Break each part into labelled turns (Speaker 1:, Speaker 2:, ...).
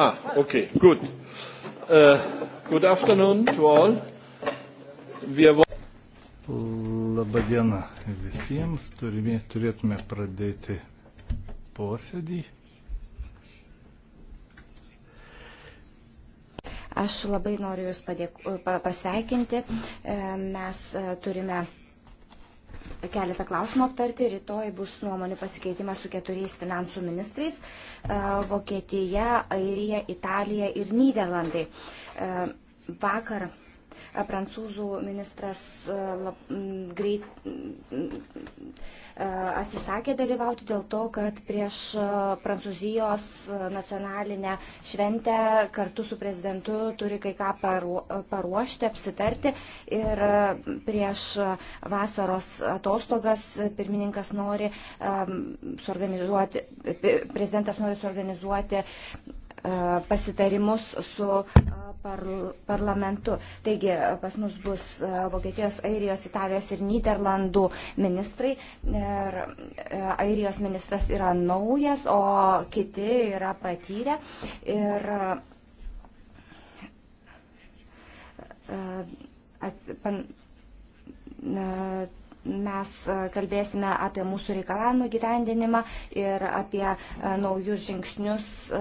Speaker 1: Ah, okay, good. Uh, good afternoon to all. We have... Labą dieną visiems. Turime, turėtume pradėti posėdį.
Speaker 2: Aš labai noriu Jūs padėk, pasveikinti. Mes e, turime keletą klausimų aptarti. Rytoj bus nuomonių pasikeitimas su keturiais finansų ministrais e, - Vokietija, Airija, Italija ir Niderlandai. E, vakar Prancūzų ministras e, lab, greit e, atsisakė dalyvauti dėl to, kad prieš e, Prancūzijos nacionalinę šventę kartu su prezidentu turi kai ką paruošti, apsitarti ir prieš vasaros atostogas pirmininkas nori suorganizuoti, prezidentas nori suorganizuoti E, pasitarimus su e, par, parlamentu. Taigi e, pas mus bus Vokietijos, Airijos, Italijos ir Niderlandų ministrai. Ir Airijos ministras yra naujas, o kiti yra patyrę. Ir, as, pan, na, Mes e, kalbėsime apie mūsų reikalavimų gyvendinimą ir apie e, naujus žingsnius e,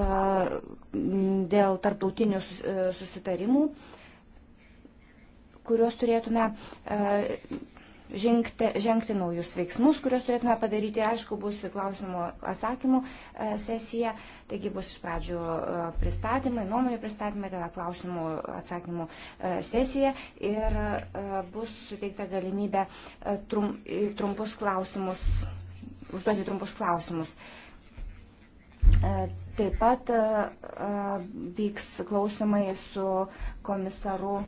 Speaker 2: dėl tarptautinių susitarimų kuriuos turėtume žengti, žengti naujus veiksmus, kuriuos turėtume padaryti. Aišku, bus ir klausimų atsakymų e, sesija, taigi bus iš pradžių e, pristatymai, nuomonių pristatymai, tada klausimų atsakymų e, sesija ir bus suteikta galimybė trum, trumpus klausimus, užduoti trumpus klausimus. Taip pat vyks klausimai su komisaru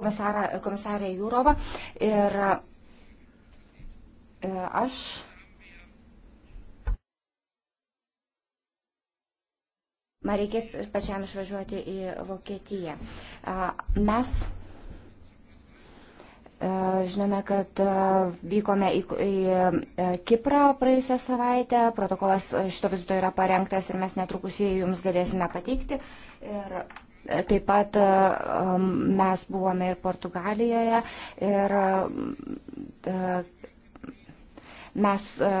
Speaker 2: komisarą, komisarę Jūrovą. Ir e, aš. Man reikės pačiam išvažiuoti į Vokietiją. Mes e, Žinome, kad e, vykome į, į Kiprą praėjusią savaitę, protokolas šito vizito yra parengtas ir mes netrukus jį jums galėsime pateikti. Ir Taip pat e, mes buvome ir Portugalijoje ir e, mes e,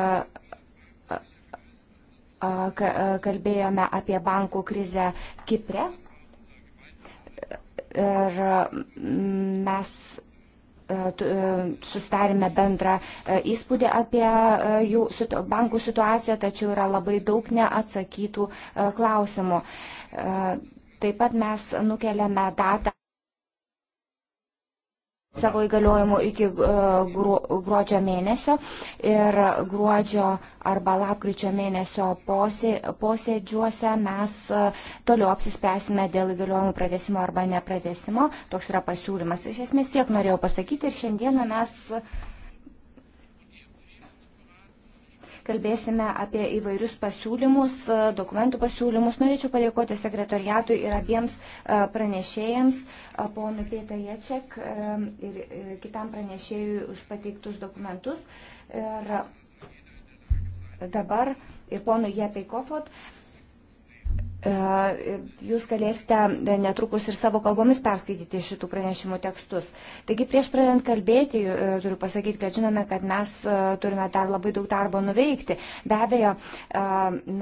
Speaker 2: kalbėjome apie bankų krizę Kipre. Ir mes susidarėme bendrą įspūdį apie jų bankų situaciją, tačiau yra labai daug neatsakytų klausimų. Taip pat mes nukeliame datą savo įgaliojimų iki e, gruodžio mėnesio ir gruodžio arba lapkričio mėnesio posėdžiuose mes e, toliau apsispręsime dėl įgaliojimų pratesimo arba nepratesimo. Toks yra pasiūlymas. Iš esmės tiek norėjau pasakyti ir šiandieną mes kalbėsime apie įvairius pasiūlymus, e, dokumentų pasiūlymus. Norėčiau padėkoti sekretoriatui ir abiems e, pranešėjams, e, ponui Pietą Ječek ir kitam pranešėjui už pateiktus dokumentus. Ir dabar ir ponui Jepei Kofot. E, jūs galėsite netrukus ir savo kalbomis perskaityti šitų pranešimų tekstus. Taigi prieš pradedant kalbėti, e, turiu pasakyti, kad žinome, kad mes e, turime dar labai daug darbo nuveikti. Be abejo,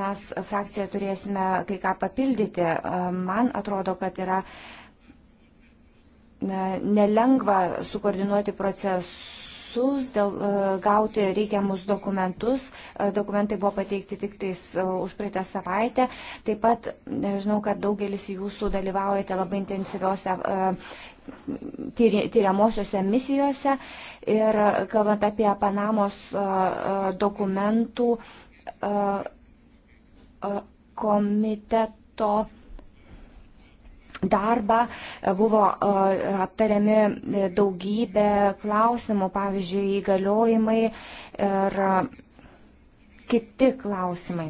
Speaker 2: mes frakcijoje turėsime kai ką papildyti. Man atrodo, kad yra nelengva sukoordinuoti procesus metus dėl, e, gauti reikiamus dokumentus. E, dokumentai buvo pateikti tik tais e, už praeitą savaitę. Taip pat žinau, kad daugelis jūsų dalyvaujate labai intensyviose tyriamosiose misijose ir kalbant apie Panamos dokumentų komiteto darbą, e, buvo e, aptariami e, daugybė klausimų, pavyzdžiui, įgaliojimai ir kiti klausimai.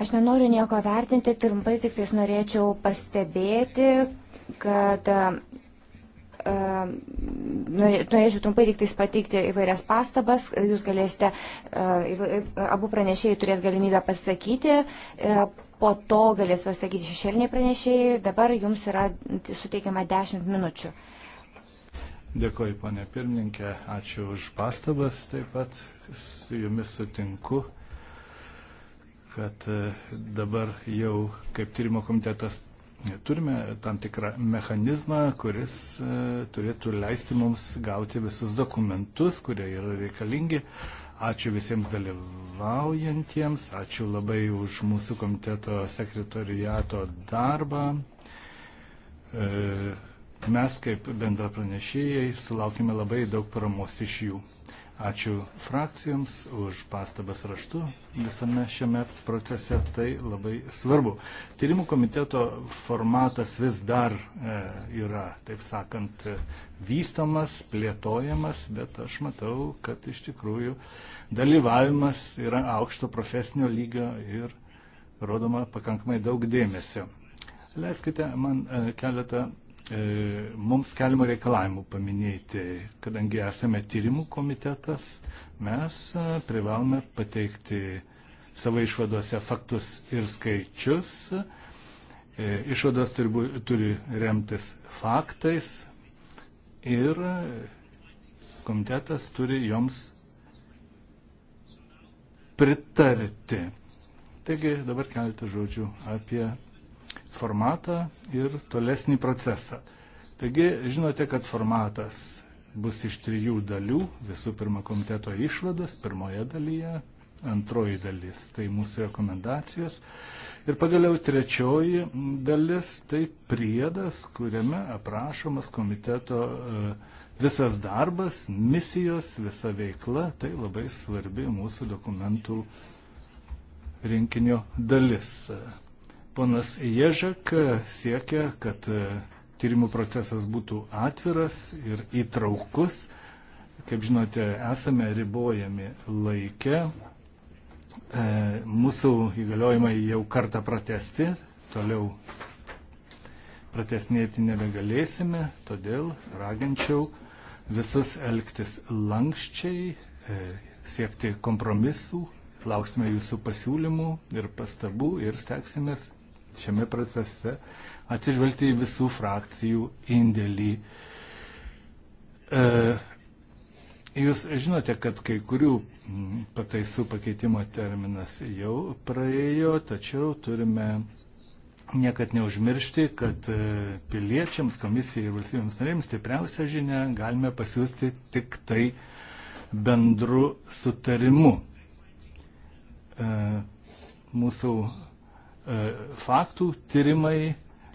Speaker 2: Aš nenoriu nieko vertinti, trumpai tik tais norėčiau pastebėti, kad norėčiau trumpai tik tais pateikti įvairias pastabas, jūs galėsite, abu pranešėjai turės galimybę pasakyti, po to galės pasakyti šešėliniai pranešėjai, dabar jums yra suteikiama 10 minučių.
Speaker 1: Dėkuoju, ponė pirmininkė, ačiū už pastabas taip pat, su jumis sutinku kad e, dabar jau kaip tyrimo komitetas turime tam tikrą mechanizmą, kuris e, turėtų leisti mums gauti visus dokumentus, kurie yra reikalingi Ačiū visiems dalyvaujantiems, ačiū labai už mūsų komiteto sekretoriato darbą. E, mes kaip bendra pranešėjai sulaukime labai daug paramos iš jų. Ačiū frakcijoms už pastabas raštu visame šiame procese, tai labai svarbu. Tyrimų komiteto formatas vis dar e, yra, taip sakant, vystomas, plėtojamas, bet aš matau, kad iš tikrųjų dalyvavimas yra aukšto profesinio lygio ir rodoma pakankamai daug dėmesio. Leiskite man e, keletą E, mums galima reikalavimų paminėti, kadangi esame tyrimų komitetas, mes e, privalome pateikti savo išvadose faktus ir skaičius. E, išvados turi, turi remtis faktais ir komitetas turi joms pritarti. Taigi dabar keletą žodžių apie formatą ir tolesnį procesą. Taigi žinote, kad formatas bus iš trijų dalių. Visų pirma, komiteto išvados pirmoje dalyje, antroji dalis tai mūsų rekomendacijos ir pagaliau trečioji dalis tai priedas, kuriame aprašomas komiteto e, visas darbas, misijos, visa veikla. Tai labai svarbi mūsų dokumentų rinkinio dalis. Ponas Ježek siekia, kad e, tyrimų procesas būtų atviras ir įtraukus. Kaip žinote, esame ribojami laike. E, mūsų įgaliojimai jau kartą pratesti, toliau pratesnėti nebegalėsime, todėl raginčiau visus elgtis lankščiai, e, siekti kompromisų, lauksime jūsų pasiūlymų ir pastabų ir stengsimės šiame procese atsižvelgti į visų frakcijų indėlį. E, jūs žinote, kad kai kurių mm, pataisų pakeitimo terminas jau praėjo, tačiau turime niekad neužmiršti, kad e, piliečiams, komisijai ir valstybėms narėms stipriausią žinę galime pasiūsti tik tai bendru sutarimu. E, mūsų E, faktų tyrimai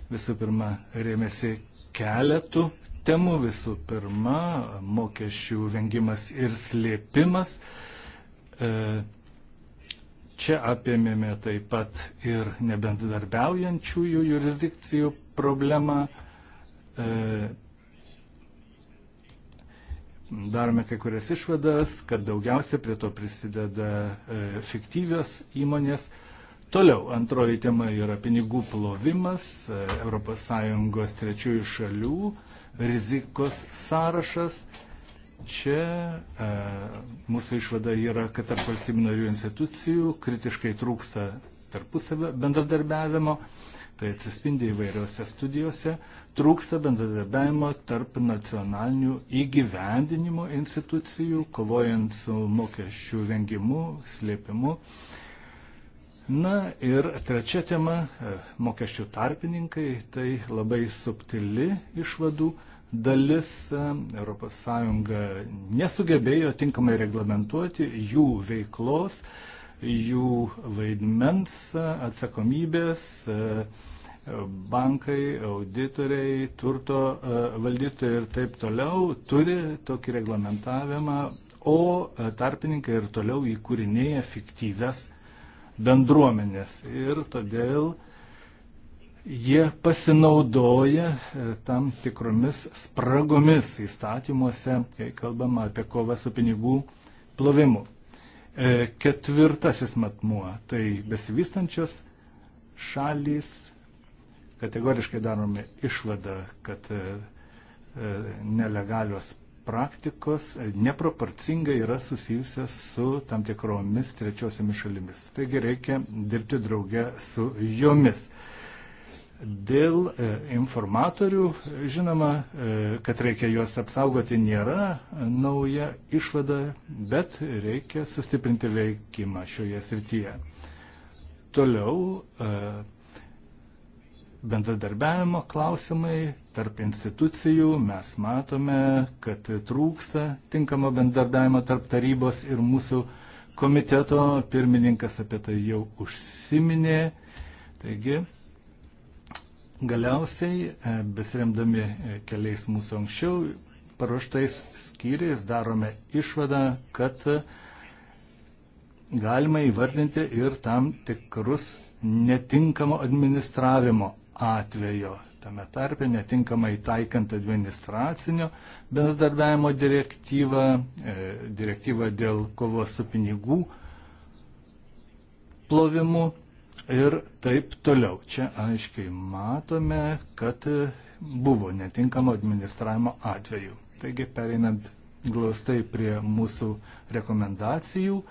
Speaker 1: visų pirma rėmėsi keletų temų. Visų pirma, mokesčių vengimas ir slėpimas. E, čia apėmėme taip pat ir nebendarbiaujančiųjų jurisdikcijų problemą. E, darome kai kurias išvadas, kad daugiausia prie to prisideda fiktyvios įmonės, Toliau antroji tema yra pinigų plovimas, ES trečiųjų šalių rizikos sąrašas. Čia e, mūsų išvada yra, kad tarp valstybių narių institucijų kritiškai trūksta tarpusavio bendradarbiavimo, tai atsispindi įvairiose studijose, trūksta bendradarbiavimo tarp nacionalinių įgyvendinimo institucijų, kovojant su mokesčių vengimu, slėpimu. E, Na ir trečia tema e, - mokesčių tarpininkai. Tai labai subtili išvadų dalis. ES nesugebėjo tinkamai reglamentuoti jų veiklos, jų vaidmens, e, atsakomybės. E, bankai, auditoriai, turto valdytojai ir taip toliau turi tokį reglamentavimą, o tarpininkai ir toliau įkūrinėja fiktyves bendruomenės. Ir todėl jie pasinaudoja e, tam tikromis spragomis įstatymuose, kai kalbama apie kovą su pinigų plovimu. E, ketvirtasis matmuo - tai besivystančios šalys. Kategoriškai darome išvadą, kad e, nelegalios praktikos neproporcingai yra susijusios su tam tikromis trečiosiamis šalimis. Taigi reikia dirbti drauge su jomis. Dėl e, informatorių, žinoma, e, kad reikia juos apsaugoti nėra nauja išvada, bet reikia sustiprinti veikimą šioje srityje. Toliau e, bendradarbiavimo klausimai tarp institucijų. Mes matome, kad trūksta tinkamo bendradarbiavimo tarp tarybos ir mūsų komiteto. Pirmininkas apie tai jau užsiminė. Taigi, galiausiai, e, besiremdami e, keliais mūsų anksčiau paruoštais skyriais, darome išvadą, kad galima įvardinti ir tam tikrus netinkamo administravimo atvejo, tame tarpe netinkamai taikant administracinio bendradarbiavimo direktyvą, e, direktyvą dėl kovos su pinigų plovimu ir taip toliau. Čia aiškiai matome, kad buvo netinkamo administravimo atveju. Taigi, pereinant glaustai prie mūsų rekomendacijų,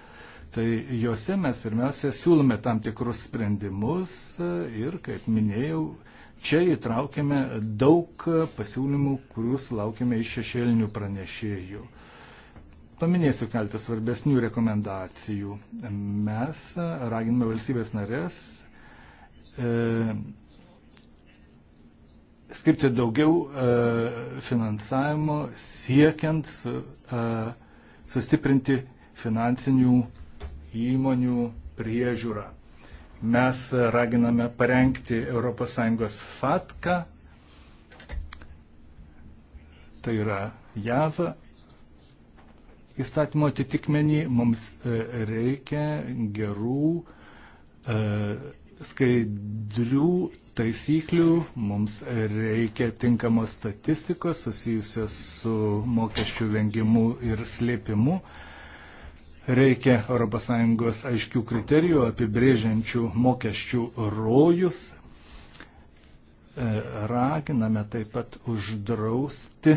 Speaker 1: Tai juose mes pirmiausia siūlome tam tikrus sprendimus ir, kaip minėjau, čia įtraukėme daug pasiūlymų, kurių sulaukėme iš šešėlinių pranešėjų. Paminėsiu keltą svarbesnių rekomendacijų. Mes raginame valstybės narės e, skirti daugiau e, finansavimo siekiant su, e, sustiprinti finansinių įmonių priežiūrą. Mes raginame parengti ES FATKA, tai yra JAV įstatymo atitikmenį, mums e, reikia gerų, e, skaidrių taisyklių, mums reikia tinkamos statistikos susijusios su mokesčių vengimu ir slėpimu. Reikia ES aiškių kriterijų apibrėžiančių mokesčių rojus. E, raginame taip pat uždrausti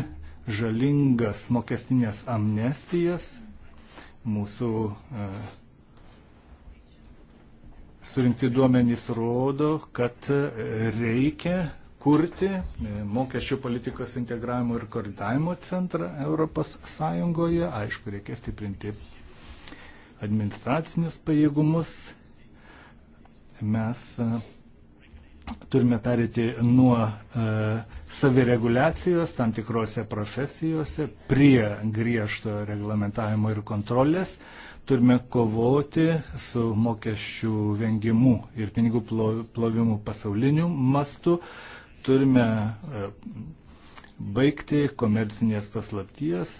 Speaker 1: žalingas mokestinės amnestijas. Mūsų e, surinkti duomenys rodo, kad reikia kurti e, mokesčių politikos integravimo ir koordinavimo centrą Europos Sąjungoje. Aišku, reikia stiprinti administracinius pajėgumus. Mes e, turime perėti nuo e, savireguliacijos tam tikrose profesijose prie griežto reglamentavimo ir kontrolės. Turime kovoti su mokesčių vengimu ir pinigų plovimu pasauliniu mastu. Turime e, baigti komercinės paslapties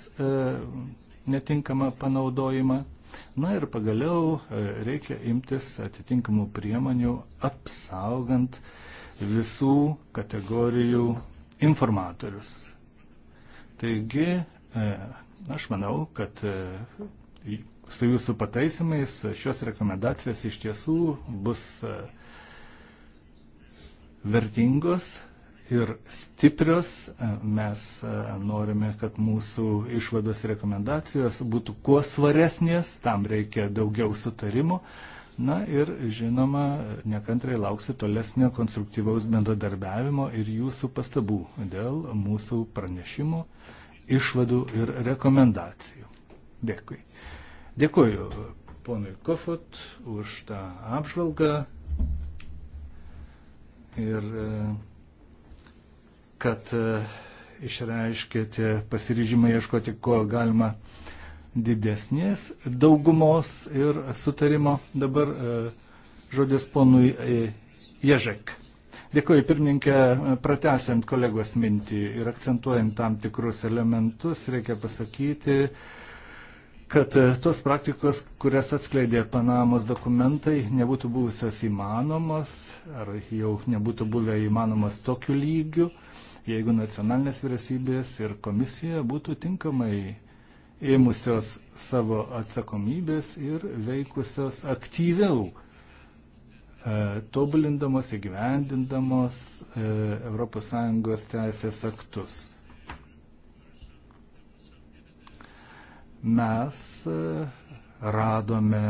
Speaker 1: netinkamą panaudojimą. Na ir pagaliau e, reikia imtis atitinkamų priemonių apsaugant visų kategorijų informatorius. Taigi, e, aš manau, kad e, su jūsų pataisimais šios rekomendacijos iš tiesų bus vertingos ir stiprios. E, mes e, norime, kad mūsų išvados rekomendacijos būtų kuo svaresnės, tam reikia daugiau sutarimo. Na ir žinoma, nekantrai lauksiu tolesnio konstruktyvaus bendradarbiavimo ir jūsų pastabų dėl mūsų pranešimų, išvadų ir rekomendacijų. Dėkui. Dėkuoju ponui Kofut už tą apžvalgą. Ir e, kad e, išreiškėte pasiryžimą ieškoti kuo galima didesnės daugumos ir sutarimo. Dabar e, žodis ponui e, Ježek. Dėkuoju pirmininkę, pratesiant kolegos mintį ir akcentuojant tam tikrus elementus, reikia pasakyti, kad tos praktikos, kurias atskleidė Panamos dokumentai, nebūtų buvusios įmanomos ar jau nebūtų buvę įmanomas tokiu lygiu, jeigu nacionalinės vyriausybės ir komisija būtų tinkamai ėmusios savo atsakomybės ir veikusios aktyviau, e, tobulindamos, įgyvendindamos e, ES teisės aktus. Mes e, radome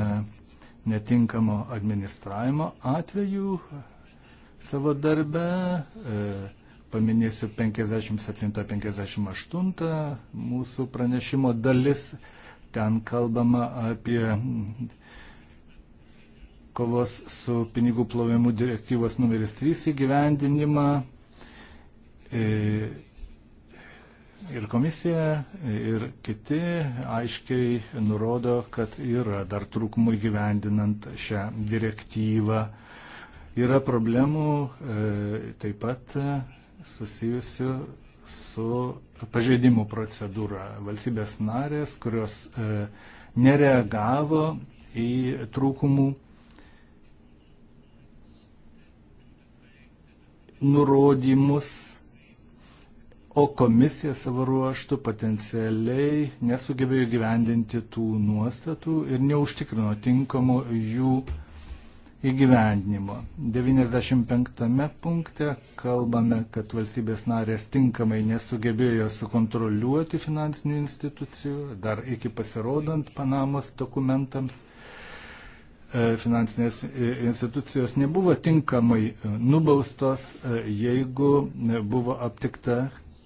Speaker 1: netinkamo administravimo atvejų savo darbe, paminėsiu 57-58 mūsų pranešimo dalis. Ten kalbama apie kovos su pinigų plovimu direktyvos numeris 3 įgyvendinimą. E, ir komisija, ir kiti aiškiai nurodo, kad yra dar trūkumų įgyvendinant šią direktyvą. Yra problemų e, taip pat susijusių su pažeidimų procedūra. Valstybės narės, kurios e, nereagavo į trūkumų, nurodymus, o komisija savo ruoštų potencialiai nesugebėjo gyvendinti tų nuostatų ir neužtikrino tinkamo jų e, įgyvendinimo. 95 punkte kalbame, kad valstybės narės tinkamai nesugebėjo sukontroliuoti finansinių institucijų dar iki pasirodant Panamos dokumentams. E, finansinės e, institucijos nebuvo tinkamai e, nubaustos, jeigu buvo aptikta,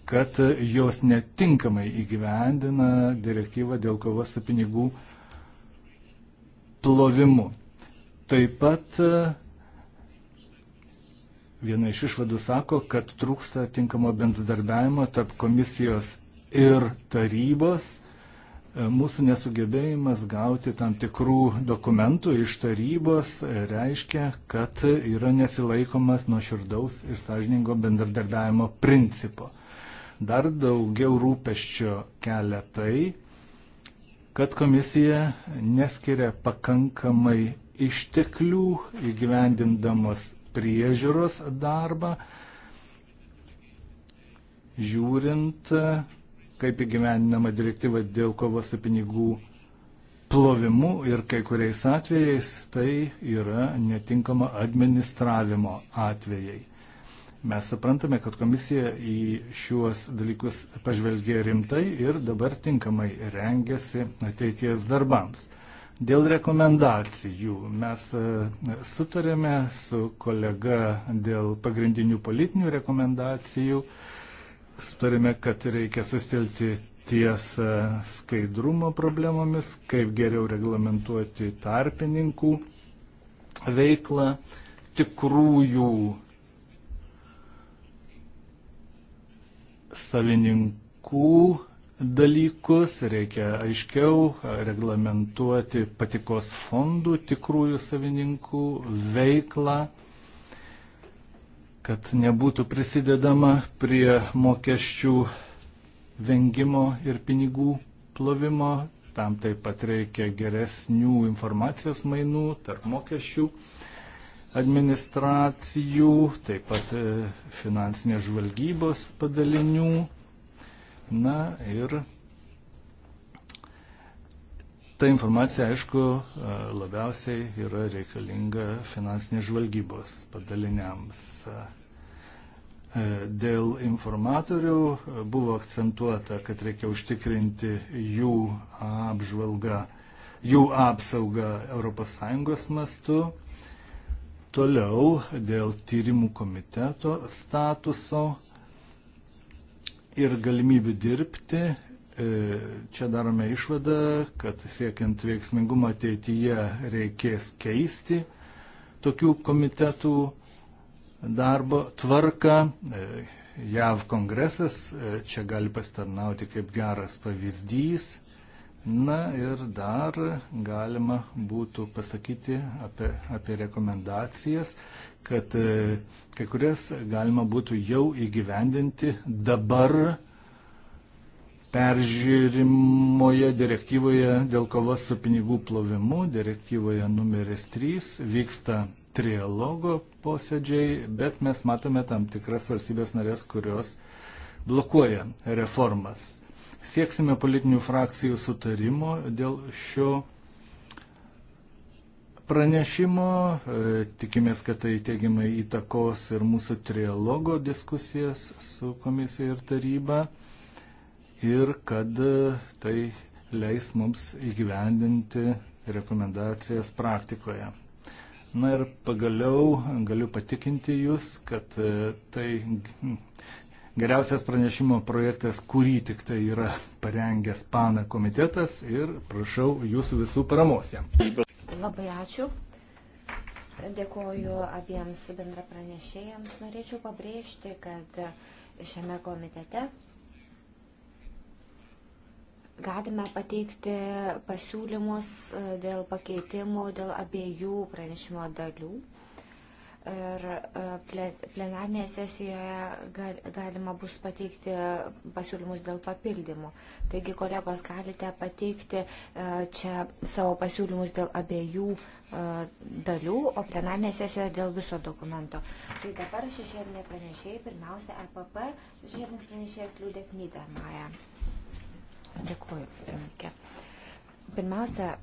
Speaker 1: kad jos netinkamai įgyvendina direktyvą dėl kovos su pinigų plovimu. Taip pat e, viena iš išvadų sako, kad trūksta tinkamo bendradarbiavimo tarp komisijos ir tarybos. E, mūsų nesugebėjimas gauti tam tikrų dokumentų iš tarybos e, reiškia, kad yra nesilaikomas nuo širdaus ir sąžiningo bendradarbiavimo principo. Dar daugiau rūpeščio kelia tai, kad komisija neskiria pakankamai išteklių įgyvendindamas priežiūros darbą, žiūrint, kaip įgyvendinama direktyva dėl kovos su pinigų plovimu ir kai kuriais atvejais tai yra netinkama administravimo atvejai. Mes suprantame, kad komisija į šiuos dalykus pažvelgė rimtai ir dabar tinkamai rengiasi ateities darbams. Dėl rekomendacijų mes e, sutarėme su kolega dėl pagrindinių politinių rekomendacijų, sutarėme, kad reikia sustelti ties e, skaidrumo problemomis, kaip geriau reglamentuoti tarpininkų veiklą, tikrųjų savininkų dalykus, reikia aiškiau reglamentuoti patikos fondų tikrųjų savininkų veiklą, kad nebūtų prisidedama prie mokesčių vengimo ir pinigų plovimo. Tam taip pat reikia geresnių informacijos mainų tarp mokesčių administracijų, taip pat e, finansinės žvalgybos padalinių Na ir ta informacija, aišku, e, labiausiai yra reikalinga finansinės žvalgybos padaliniams. E, dėl informatorių e, buvo akcentuota, kad reikia užtikrinti jų apžvalgą, jų apsaugą ES mastu. Toliau dėl tyrimų komiteto statuso ir galimybių dirbti. E, čia darome išvadą, kad siekiant veiksmingumą ateityje reikės keisti tokių komitetų darbo tvarką. E, JAV kongresas e, čia gali pasitarnauti kaip geras pavyzdys. Na ir dar galima būtų pasakyti apie, apie rekomendacijas, kad e, kai kurias galima būtų jau įgyvendinti dabar peržiūrimoje direktyvoje dėl kovos su pinigų plovimu, direktyvoje numeris 3, vyksta trialogo posėdžiai, bet mes matome tam tikras valstybės narės, kurios blokuoja reformas. Sieksime politinių frakcijų sutarimo dėl šio pranešimo. E, tikimės, kad tai teigiamai įtakos ir mūsų trialogo diskusijas su komisija ir taryba ir kad e, tai leis mums įgyvendinti rekomendacijas praktikoje. Na ir pagaliau galiu patikinti Jūs, kad e, tai geriausias pranešimo projektas, kurį tik tai yra parengęs PANA komitetas ir prašau Jūsų visų paramos jam.
Speaker 2: Labai ačiū. Dėkoju abiems bendra pranešėjams. Norėčiau pabrėžti, kad šiame komitete galime pateikti pasiūlymus e, dėl pakeitimų, dėl abiejų pranešimo dalių. Ir e, plenarnėje sesijoje galima bus pateikti pasiūlymus dėl papildymų. Taigi, kolegos, galite pateikti e, čia savo pasiūlymus dėl abiejų e, dalių, o plenarnėje sesijoje dėl viso dokumento. Tai dabar šešėlinė pranešėjai, pirmiausia, EPP, šešėlinis pranešėjas Liūdė Knytė Maja. Dėkuoju, pirmininkė. Pirmiausia,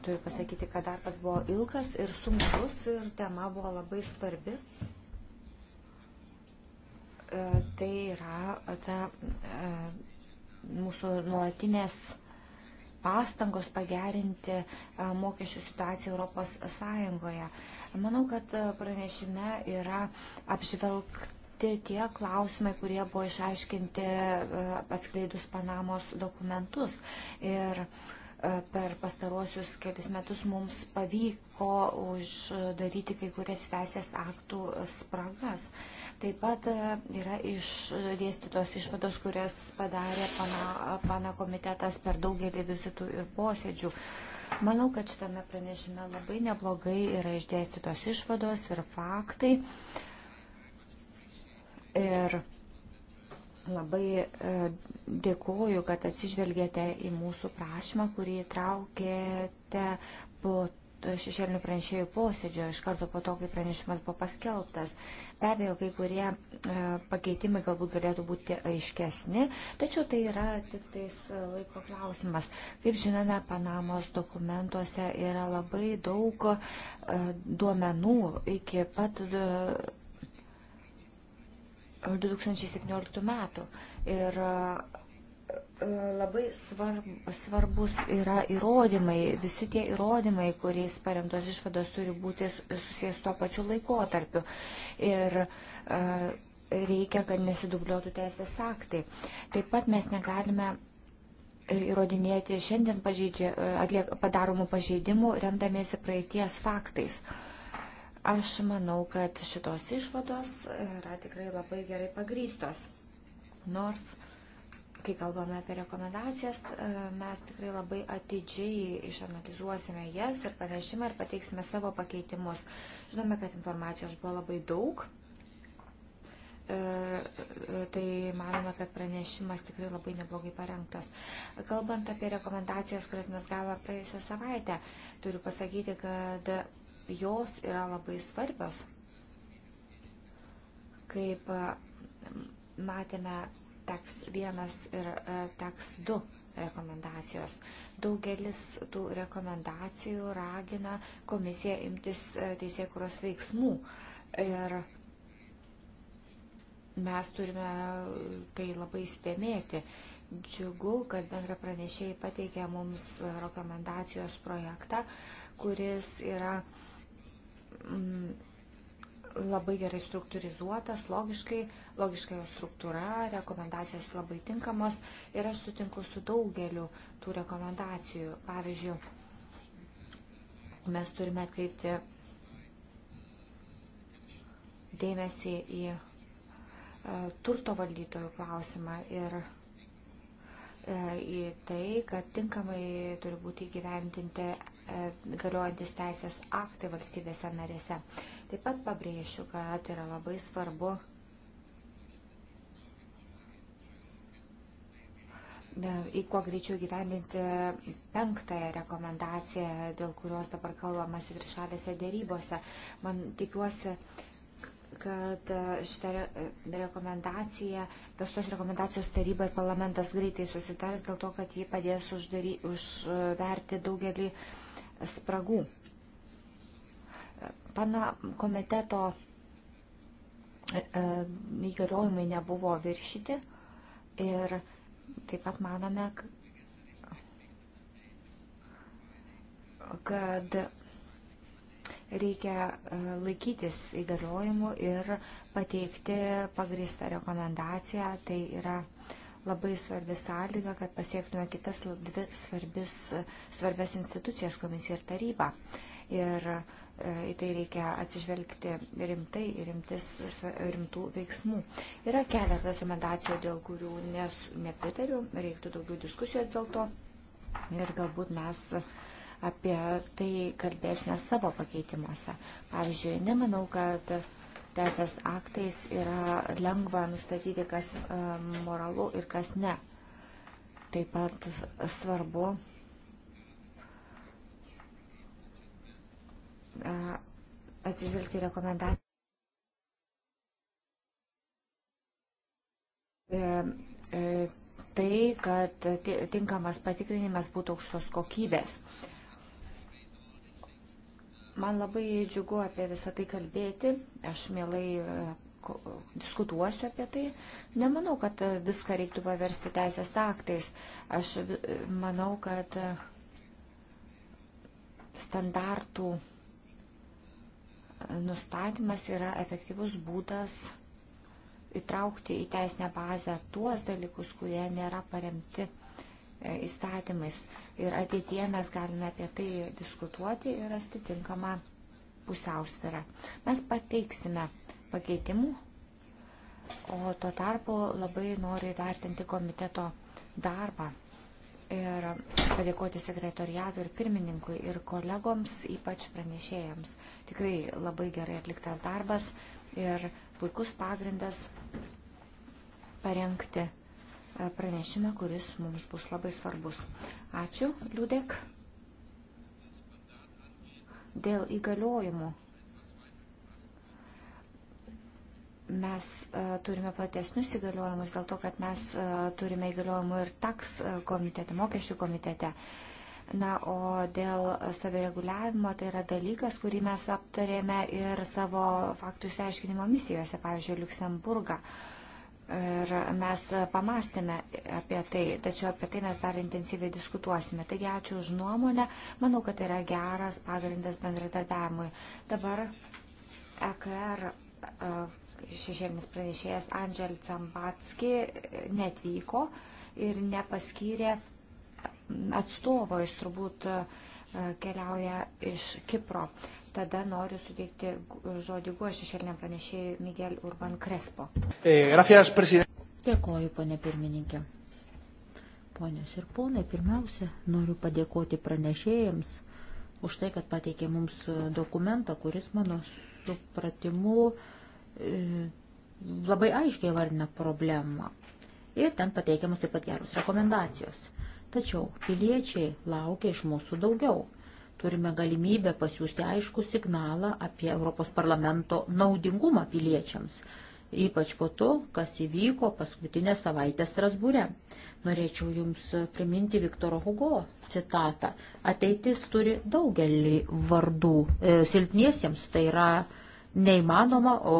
Speaker 2: turiu pasakyti, kad darbas buvo ilgas ir sunkus ir tema buvo labai svarbi. E, tai yra e, ta e, mūsų nuolatinės pastangos pagerinti mokesčių situaciją Europos Sąjungoje. Manau, kad pranešime yra apžvelgti tie klausimai, kurie buvo išaiškinti atskleidus Panamos dokumentus. Ir uh, E, per pastaruosius kelis metus mums pavyko uždaryti kai kurias teisės aktų spragas. Taip pat e, yra išdėstytos išvados, kurias padarė pana, pana komitetas per daugelį vizitų ir posėdžių. Manau, kad šitame pranešime labai neblogai yra išdėstytos išvados ir faktai. Ir Labai e, dėkuoju, kad atsižvelgėte į mūsų prašymą, kurį traukėte po šešėlinių pranešėjų posėdžio iš karto po to, kai pranešimas buvo paskelbtas. Be abejo, kai kurie e, pakeitimai galbūt galėtų būti aiškesni, tačiau tai yra tik tais e, laiko klausimas. Kaip žinome, Panamos dokumentuose yra labai daug e, duomenų iki pat e, 2017 metų. Ir e, labai svarb, svarbus yra įrodymai, visi tie įrodymai, kuriais paremtos išvados turi būti susijęs tuo pačiu laikotarpiu. Ir e, reikia, kad nesidubliuotų teisės aktai. Taip pat mes negalime įrodinėti šiandien pažeidžia, atliek, padaromų pažeidimų, remdamiesi praeities faktais. Uh, Aš manau, kad šitos išvados yra tikrai labai gerai pagrystos. Nors, kai kalbame apie rekomendacijas, e, mes tikrai labai atidžiai išanalizuosime jas ir pranešimą ir pateiksime savo pakeitimus. Žinome, kad informacijos buvo labai daug. E, e, tai manome, kad pranešimas tikrai labai neblogai parengtas. Kalbant apie rekomendacijas, kurias mes gavome praėjusią savaitę, turiu pasakyti, kad jos yra labai svarbios. Kaip e, matėme teks 1 ir e, teks 2 rekomendacijos. Daugelis tų rekomendacijų ragina komisiją imtis e, teisėkuros veiksmų. Ir mes turime tai labai stebėti. Džiugu, kad bendra pranešėjai pateikė mums rekomendacijos projektą, kuris yra uh, Mm, labai gerai struktūrizuotas, logiškai, logiškai jo struktūra, rekomendacijos labai tinkamos ir aš sutinku su daugeliu tų rekomendacijų. Pavyzdžiui, mes turime atkreipti dėmesį į e, turto valdytojų klausimą ir e, į tai, kad tinkamai turi būti įgyvendinti E, galiojantis teisės aktai valstybėse narėse. Taip pat pabrėšiu, kad yra labai svarbu e, į kuo greičiau gyvendinti penktąją rekomendaciją, dėl kurios dabar kalbamas ir šalėse dėrybose. Man tikiuosi, kad šitą rekomendaciją, dėl šios rekomendacijos taryba ir parlamentas greitai susitars dėl to, kad jie padės uždary, užverti daugelį uh, spragų. Pana komiteto e, e, įgaliojimai nebuvo viršyti ir taip pat manome, kad reikia e, laikytis įgaliojimų ir pateikti pagristą rekomendaciją. Tai yra labai svarbi sąlyga, kad pasiektume kitas dvi svarbis, svarbės institucijas - komisiją ir tarybą. Ir e, į tai reikia atsižvelgti rimtai ir rimtis, rimtų veiksmų. Yra keletas rekomendacijų, dėl kurių nes, nepritariu, reiktų daugiau diskusijos dėl to. Ir galbūt mes apie tai kalbėsime savo pakeitimuose. Pavyzdžiui, nemanau, kad teisės aktais yra lengva nustatyti, kas e, moralu ir kas ne. Taip pat svarbu e, atsižvelgti rekomendaciją. E, tai, kad tinkamas patikrinimas būtų aukštos kokybės. Man labai džiugu apie visą tai kalbėti. Aš mielai e, diskutuosiu apie tai. Nemanau, kad e, viską reiktų paversti teisės aktais. Aš e, manau, kad standartų nustatymas yra efektyvus būdas įtraukti į teisinę bazę tuos dalykus, kurie nėra paremti įstatymais. Ir ateityje mes galime apie tai diskutuoti ir rasti tinkamą pusiausvyrą. Mes pateiksime pakeitimų, o tuo tarpu labai noriu įvertinti komiteto darbą ir padėkoti sekretoriatui ir pirmininkui ir kolegoms, ypač pranešėjams. Tikrai labai gerai atliktas darbas ir puikus pagrindas parengti E, pranešime, kuris mums bus labai svarbus. Ačiū, Liudek. Dėl įgaliojimų mes e, turime platesnius įgaliojimus dėl to, kad mes e, turime įgaliojimų ir taks komitete, mokesčių komitete. Na, o dėl savireguliavimo tai yra dalykas, kurį mes aptarėme ir savo faktų išsiaiškinimo misijose, pavyzdžiui, Luksemburgą. Uh, Ir mes pamastėme apie tai, tačiau apie tai mes dar intensyviai diskutuosime. Taigi ačiū už nuomonę. Manau, kad tai yra geras pagrindas bendradarbiavimui. Dabar EKR e, šešėlinis pranešėjas Andžel Cambatski netvyko ir nepaskyrė atstovo, jis turbūt e, keliauja iš Kipro. Tada noriu suteikti žodį guo šešėliniam pranešėjui Miguel Urban Crespo.
Speaker 3: Eh, Dėkoju, ponė pirmininkė. Ponios ir ponai, pirmiausia, noriu padėkoti pranešėjams už tai, kad pateikė mums dokumentą, kuris mano supratimu eh, labai aiškiai vardina problemą. Ir ten pateikiamus taip pat gerus rekomendacijos. Tačiau piliečiai laukia iš mūsų daugiau turime galimybę pasiūsti aišku signalą apie Europos parlamento naudingumą piliečiams, ypač po to, kas įvyko paskutinę savaitę Strasbūre. Norėčiau Jums priminti Viktoro Hugo citatą. Ateitis turi daugelį vardų. E, silpniesiems tai yra neįmanoma, o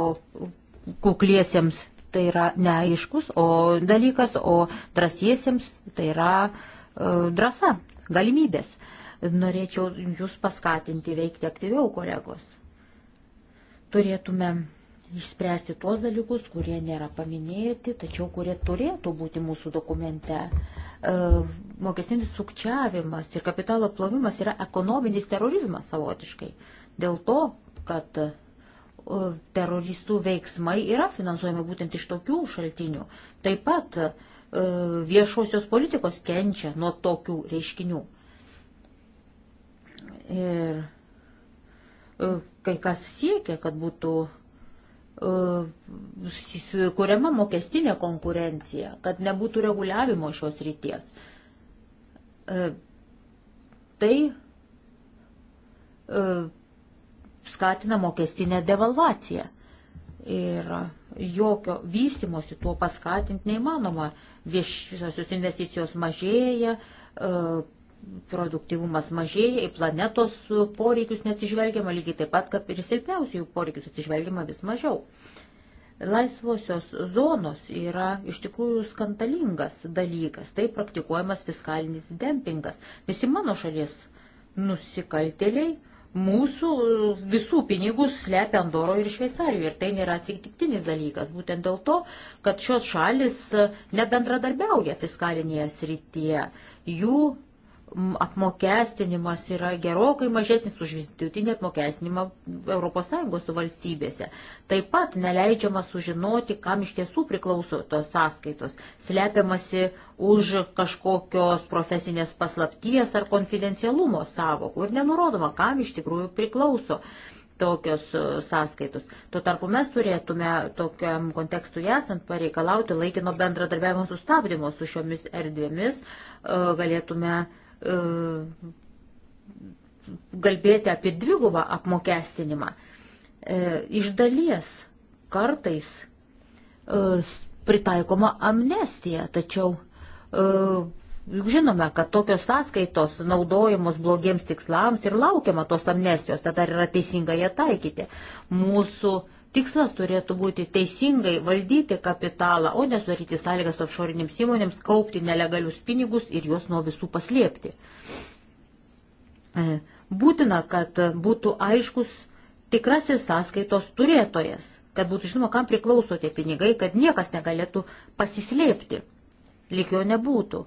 Speaker 3: kukliesiems tai yra neaiškus o dalykas, o drąsiesiems tai yra e, drąsa, galimybės. Uh, norėčiau jūs paskatinti veikti aktyviau, kolegos. Turėtume išspręsti tuos dalykus, kurie nėra paminėti, tačiau kurie turėtų būti mūsų dokumente. E, mokestinis sukčiavimas ir kapitalo plovimas yra ekonominis terorizmas savotiškai. Dėl to, kad e, teroristų veiksmai yra finansuojami būtent iš tokių šaltinių. Taip pat e, viešosios politikos kenčia nuo tokių reiškinių. Ir e, kai kas siekia, kad būtų e, kuriama mokestinė konkurencija, kad nebūtų reguliavimo šios ryties. E, tai skatina mokestinę devalvaciją. Ir jokio vystimosi tuo paskatinti neįmanoma. Viešosios investicijos mažėja, produktivumas mažėja, į planetos poreikius neatsižvelgiama lygiai taip pat, kaip ir silpniausių jų poreikius atsižvelgiama vis mažiau. Laisvosios zonos yra iš tikrųjų skandalingas dalykas, tai praktikuojamas fiskalinis dempingas. Visi mano šalies nusikaltėliai mūsų visų pinigus slepia Andoro ir Šveicarijoje. Ir tai nėra atsitiktinis dalykas, būtent dėl to, kad šios šalis nebendradarbiauja fiskalinėje srityje. Jų apmokestinimas yra gerokai mažesnis už vidutinį apmokestinimą ES valstybėse. Taip pat neleidžiama sužinoti, kam iš tiesų priklauso tos sąskaitos. Slepiamasi už kažkokios profesinės paslapties ar konfidencialumo savokų ir nenurodoma, kam iš tikrųjų priklauso tokios e, sąskaitos. Tuo tarpu mes turėtume tokiam kontekstui esant pareikalauti laikino bendradarbiavimo sustabdymo su šiomis erdvėmis, e, galėtume uh, E, kalbėti apie dvigubą apmokestinimą. E, iš dalies kartais e, pritaikoma amnestija, tačiau juk žinome, kad tokios sąskaitos naudojamos blogiems tikslams ir laukiama tos amnestijos, tad ar yra teisinga ją taikyti. Mūsų uh, Tikslas turėtų būti teisingai valdyti kapitalą, o nesudaryti sąlygas offshore'inėms įmonėms kaupti nelegalius pinigus ir juos nuo visų paslėpti. E, būtina, kad būtų aiškus tikrasis sąskaitos turėtojas, kad būtų žinoma, kam priklauso tie pinigai, kad niekas negalėtų pasislėpti, lyg jo nebūtų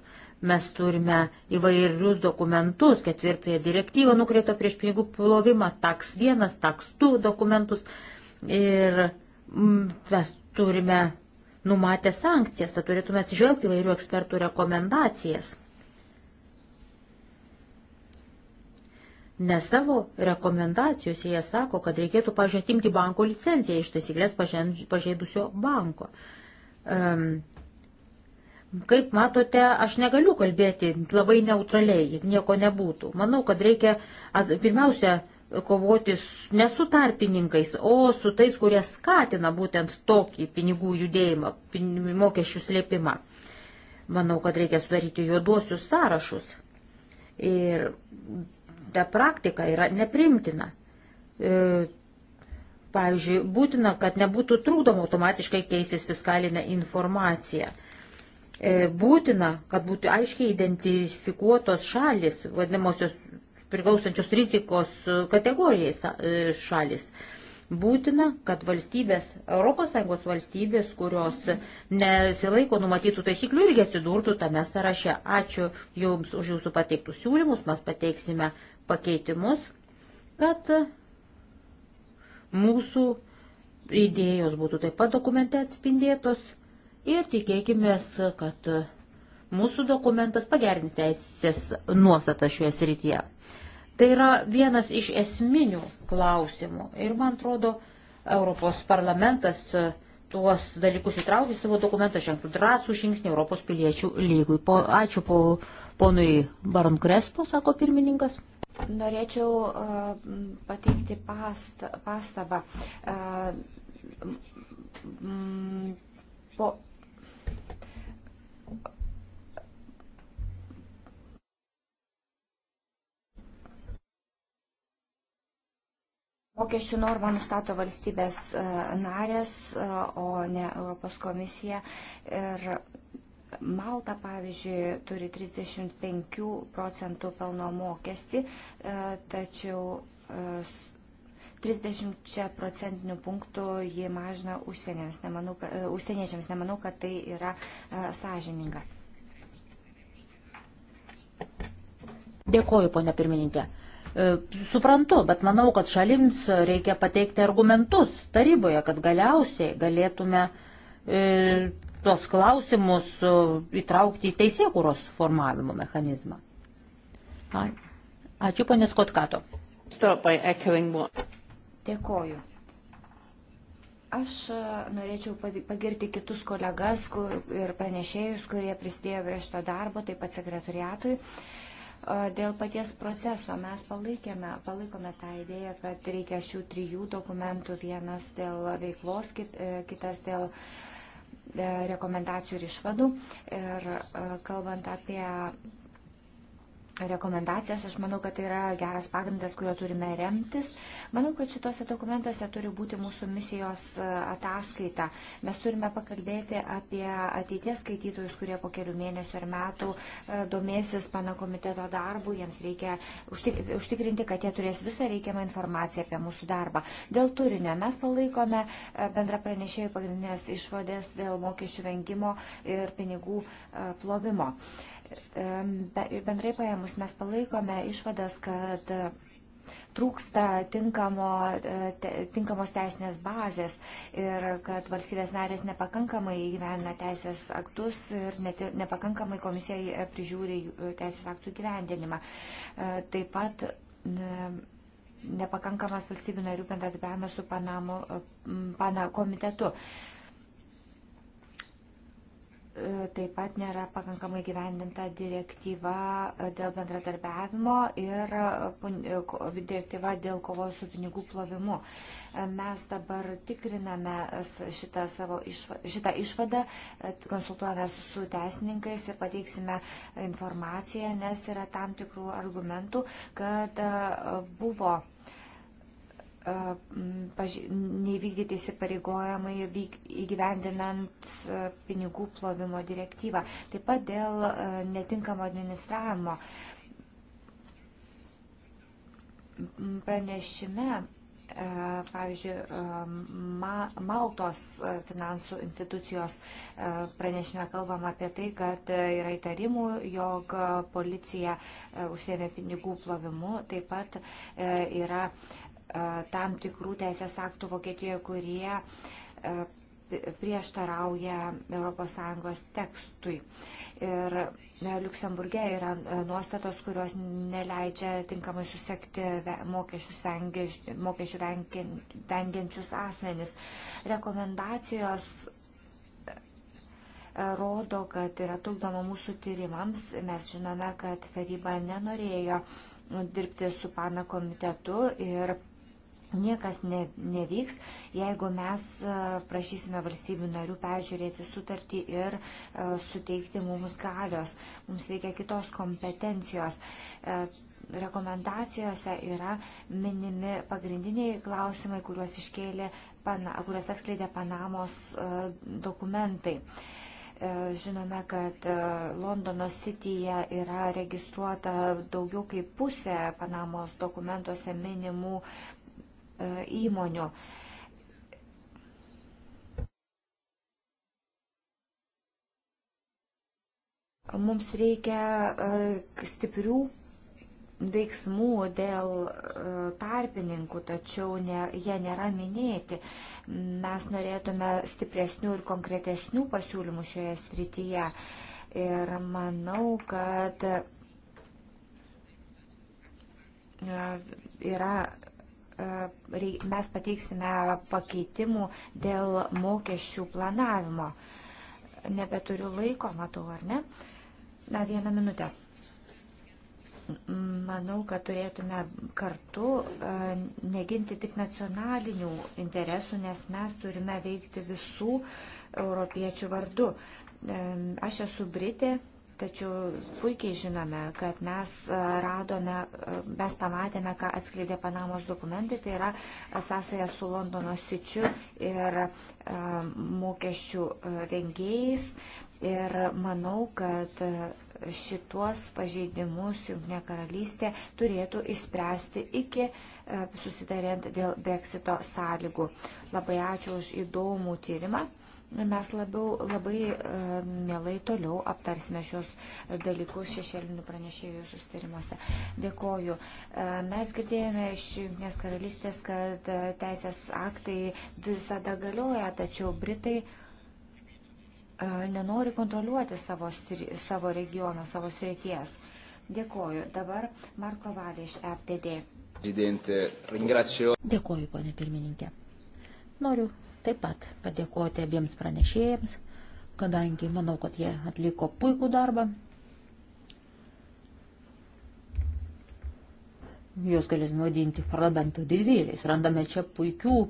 Speaker 3: mes turime įvairius dokumentus, ketvirtąją direktyvą nukreiptą prieš pinigų plovimą, taks vienas, taks du dokumentus. Ir mes turime numatę sankcijas, tad turėtume atsižvelgti vairių ekspertų rekomendacijas. Nes savo rekomendacijose jie sako, kad reikėtų pažėtimti banko licenciją iš taisyklės pažeidusio banko. Um, kaip matote, aš negaliu kalbėti labai neutraliai, nieko nebūtų. Manau, kad reikia at, pirmiausia kovoti ne su tarpininkais, o su tais, kurie skatina būtent tokį pinigų judėjimą, pin, mokesčių slėpimą. Manau, kad reikia sudaryti juoduosius sąrašus. Ir ta praktika yra neprimtina. E, pavyzdžiui, būtina, kad nebūtų trūkdoma automatiškai keistis fiskalinę informaciją. E, būtina, kad būtų aiškiai identifikuotos šalis, vadinamosios priklausančios rizikos e, kategorijai e, šalis. Būtina, kad valstybės, ES valstybės, kurios nesilaiko numatytų taisyklių, irgi atsidurtų tame sąraše. Ačiū Jums už Jūsų pateiktus siūlymus, mes pateiksime pakeitimus, kad mūsų idėjos būtų taip pat dokumente atspindėtos ir tikėkime, kad Mūsų dokumentas pagerins teisės nuostatą šioje srityje. Tai yra vienas iš esminių klausimų ir man atrodo, Europos parlamentas e, tuos dalykus įtraukė savo dokumentą, žengtų drąsų žingsnį Europos piliečių lygui. Po, ačiū po, ponui Baron Krespo, sako pirmininkas. Norėčiau
Speaker 2: uh, pateikti past, pastabą. Uh, mm, po, Mokesčių normą nustato valstybės e, narės, e, o ne Europos komisija. Ir Malta, pavyzdžiui, turi 35 procentų pelno mokestį, e, tačiau 30 procentinių punktų jį mažina nemanau, užsieniečiams. Nemanau, kad tai yra sąžininga.
Speaker 3: Dėkoju, ponia pirmininkė. E, suprantu, bet manau, kad šalims reikia pateikti argumentus taryboje, kad galiausiai galėtume e, tos klausimus e, įtraukti į teisėkūros formavimo mechanizmą. Ačiū, ponės Kotkato. Dėkoju. Aš
Speaker 2: norėčiau pagirti kitus kolegas ir pranešėjus, kurie prisidėjo prie šito darbo, taip pat sekretoriatui. Dėl paties proceso mes palaikėme, palaikome tą idėją, kad reikia šių trijų dokumentų, vienas dėl veiklos, kit, e, kitas dėl e, rekomendacijų ir išvadų. Ir e, kalbant apie rekomendacijas. Aš manau, kad tai yra geras pagrindas, kurio turime remtis. Manau, kad šituose dokumentuose turi būti mūsų misijos e, ataskaita. Mes turime pakalbėti apie ateities skaitytojus, kurie po kelių mėnesių ar metų e, domėsis pana komiteto darbu. Jiems reikia užtikrinti, kad jie turės visą reikiamą informaciją apie mūsų darbą. Dėl turinio mes palaikome e, bendra pranešėjų pagrindinės išvadės dėl mokesčių vengimo ir pinigų plovimo. Uh, bendrai paėmus mes palaikome išvadas, kad trūksta tinkamo, e, tinkamos teisinės bazės ir kad valstybės narės nepakankamai įgyvena teisės aktus ir net, nepakankamai komisija e, prižiūri teisės aktų įgyvendinimą. E, taip pat nepakankamas valstybių narių bendradarbiavimas su Panamo, Pana komitetu taip pat nėra pakankamai gyvendinta direktyva e, dėl bendradarbiavimo ir e, e, direktyva dėl kovos su pinigų plovimu. Mes dabar tikriname šitą, savo išva, šitą išvadą, konsultuojame su teisininkais ir pateiksime informaciją, nes yra tam tikrų argumentų, kad buvo neįvykdyti įsipareigojimai įgyvendinant pinigų plovimo direktyvą. Taip pat dėl netinkamo administravimo. Pranešime, pavyzdžiui, Maltos finansų institucijos pranešime kalbama apie tai, kad yra įtarimų, jog policija užsėmė pinigų plovimu, taip pat yra tam tikrų teisės aktų Vokietijoje, kurie prieštarauja ES tekstui. Ir Luksemburgė yra nuostatos, kurios neleidžia tinkamai susekti mokesčių vengiančius asmenis. Rekomendacijos rodo, kad yra trukdoma mūsų tyrimams. Mes žinome, kad taryba nenorėjo dirbti su pana komitetu ir niekas ne, nevyks, jeigu mes e, prašysime valstybių narių peržiūrėti sutartį ir e, suteikti mums galios. Mums reikia kitos kompetencijos. E, rekomendacijose yra minimi pagrindiniai klausimai, kuriuos iškėlė, kuriuos atskleidė Panamos dokumentai. Žinome, kad Londono Cityje yra registruota daugiau kaip pusė Panamos dokumentuose minimų E, įmonių. Mums reikia e, stiprių veiksmų dėl e, tarpininkų, tačiau ne, jie nėra minėti. Mes norėtume stipresnių ir konkretesnių pasiūlymų šioje srityje. Ir manau, kad yra E, mes pateiksime pakeitimų dėl mokesčių planavimo. Nebeturiu laiko, matau, ar ne? Na, vieną minutę. Manau, kad turėtume kartu e, neginti tik nacionalinių interesų, nes mes turime veikti visų europiečių vardu. E, aš esu Britė, Tačiau puikiai žinome, kad mes e, radome, e, mes pamatėme, ką atskleidė Panamos dokumentai, tai yra e, sąsaja su Londono sičiu ir mokesčių vengėjais. Ir manau, kad šituos pažeidimus Junktinė karalystė turėtų išspręsti iki susidarint dėl breksito sąlygų. Labai ačiū už įdomų tyrimą. Mes labiau labai mielai toliau aptarsime šios dalykus šešėlinių pranešėjų sustarimuose. Dėkoju. E, mes girdėjome iš Junktinės karalystės, kad e, teisės aktai visada galioja, tačiau Britai e, nenori kontroliuoti savo, savo regiono, savo srities. Dėkoju. Dabar Marko Valė iš FTD.
Speaker 3: Dėkoju, ponė pirmininkė. Noriu taip pat padėkoti abiems pranešėjams, kadangi manau, kad jie atliko puikų darbą. Jūs galėsime vadinti parlamento didvyriais. Randame čia puikių e,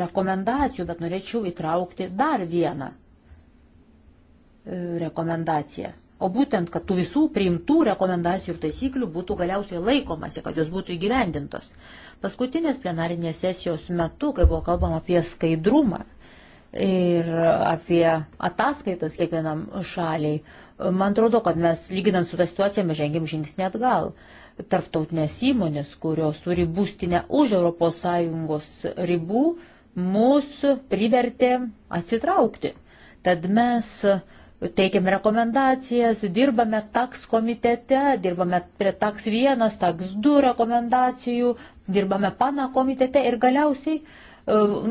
Speaker 3: rekomendacijų, bet norėčiau įtraukti dar vieną e, rekomendaciją. O būtent, kad tų visų priimtų rekomendacijų ir taisyklių būtų galiausiai laikomasi, kad jos būtų įgyvendintos. E, Paskutinės plenarinės sesijos metu, kai buvo kalbama apie skaidrumą ir apie ataskaitas kiekvienam šaliai, man atrodo, kad mes, lyginant su tą situaciją, mes žengėm žingsnį atgal. Tarptautinės įmonės, kurios turi būstinę už ES ribų, mūsų privertė atsitraukti. Tad mes teikiam rekomendacijas, dirbame taks komitete, dirbame prie taks vienas, taks du rekomendacijų, dirbame pana komitete ir galiausiai e,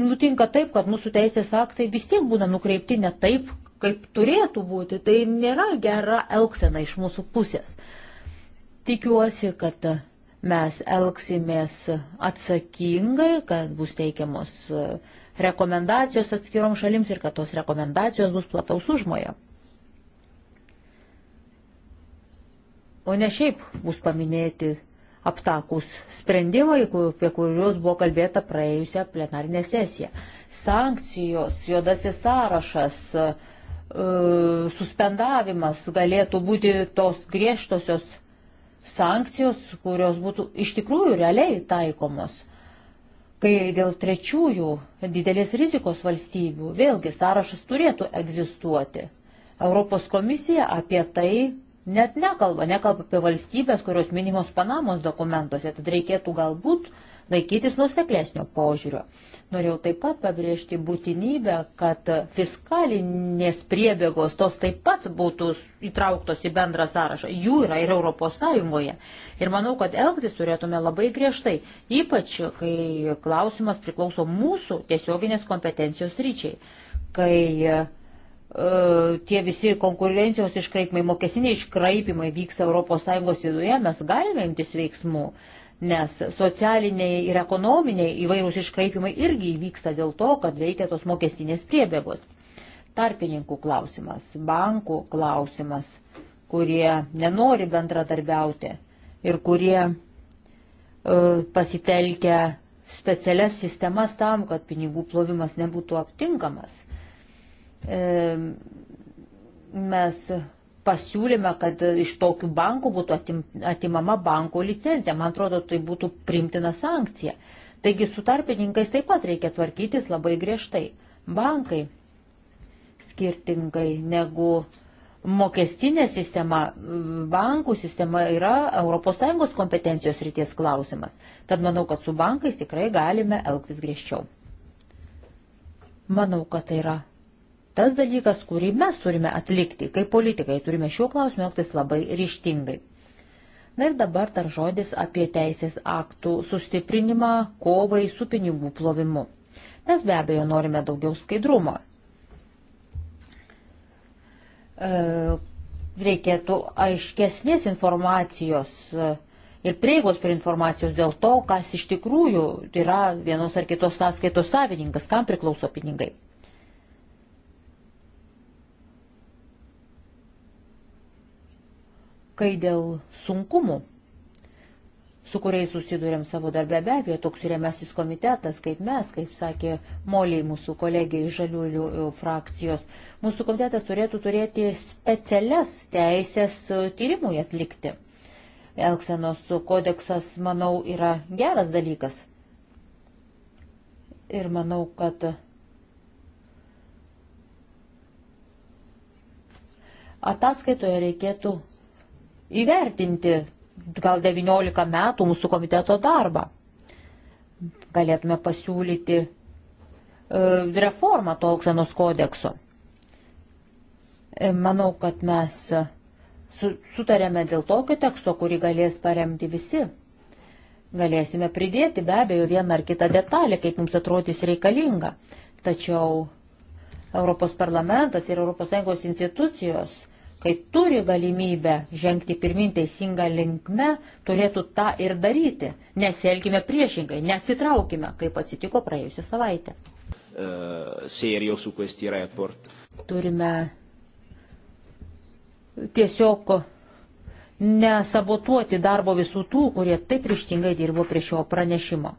Speaker 3: nutinka taip, kad mūsų teisės aktai vis tiek būna nukreipti ne taip, kaip turėtų būti. Tai nėra gera elgsena iš mūsų pusės. Tikiuosi, kad mes elgsimės atsakingai, kad bus teikiamos e, rekomendacijos atskirom šalims ir kad tos rekomendacijos bus plataus užmojo. O ne šiaip bus paminėti aptakus sprendimai, apie kuriuos buvo kalbėta praėjusią plenarinę sesiją. Sankcijos, juodasis sąrašas, e, suspendavimas galėtų būti tos griežtosios sankcijos, kurios būtų iš tikrųjų realiai taikomos. Kai dėl trečiųjų didelės rizikos valstybių vėlgi sąrašas turėtų egzistuoti. Europos komisija apie tai net nekalba, nekalba apie valstybės, kurios minimos Panamos dokumentuose, tad reikėtų galbūt laikytis nuseklesnio požiūrio. Norėjau taip pat pabrėžti būtinybę, kad fiskalinės priebėgos tos taip pat būtų įtrauktos į bendrą sąrašą. Jų yra ir ES. Ir manau, kad elgtis turėtume labai griežtai, ypač kai klausimas priklauso mūsų tiesioginės kompetencijos ryčiai, kai tie visi konkurencijos iškraipimai, mokesiniai iškraipimai vyksta ES viduje, mes galime imtis veiksmų, nes socialiniai ir ekonominiai įvairūs iškraipimai irgi vyksta dėl to, kad veikia tos mokestinės priebėgos. Tarpininkų klausimas, bankų klausimas, kurie nenori bendradarbiauti ir kurie uh, pasitelkia specialias sistemas tam, kad pinigų plovimas nebūtų aptinkamas E, mes pasiūlėme, kad iš tokių bankų būtų atim, atimama banko licencija. Man atrodo, tai būtų primtina sankcija. Taigi su tarpininkais taip pat reikia tvarkytis labai griežtai. Bankai skirtingai negu mokestinė sistema, bankų sistema yra ES kompetencijos ryties klausimas. Tad manau, kad su bankais tikrai galime elgtis griežčiau. Manau, kad tai yra tas dalykas, kurį mes turime atlikti, kaip politikai turime šiuo klausimu elgtis labai ryštingai. Na ir dabar dar žodis apie teisės aktų sustiprinimą kovai su pinigų plovimu. Mes be abejo norime daugiau skaidrumo. E, reikėtų aiškesnės informacijos e, ir prieigos prie informacijos dėl to, kas iš tikrųjų yra vienos ar kitos sąskaitos savininkas, kam priklauso pinigai. Kai dėl sunkumų, su kuriais susidurėm savo darbę, be abejo, toks remiasis komitetas, kaip mes, kaip sakė Moliai mūsų kolegė iš žaliųjų e, frakcijos, mūsų komitetas turėtų turėti specialias teisės e, tyrimui atlikti. Elksenos kodeksas, manau, yra geras dalykas. Ir manau, kad ataskaitoje reikėtų įvertinti gal 19 metų mūsų komiteto darbą. Galėtume pasiūlyti e, reformą Tolksenos kodekso. E, manau, kad mes e, sutarėme dėl tokio teksto, kurį galės paremti visi. Galėsime pridėti be abejo vieną ar kitą detalę, kaip mums atrodys reikalinga. Tačiau Europos parlamentas ir ES institucijos kai turi galimybę žengti pirmin teisingą linkme, turėtų tą ir daryti. Nesielkime priešingai, nesitraukime, kaip atsitiko praėjusią savaitę.
Speaker 2: Uh,
Speaker 3: Turime tiesiog nesabotuoti darbo visų tų, kurie taip ryštingai dirbo prie šio pranešimo.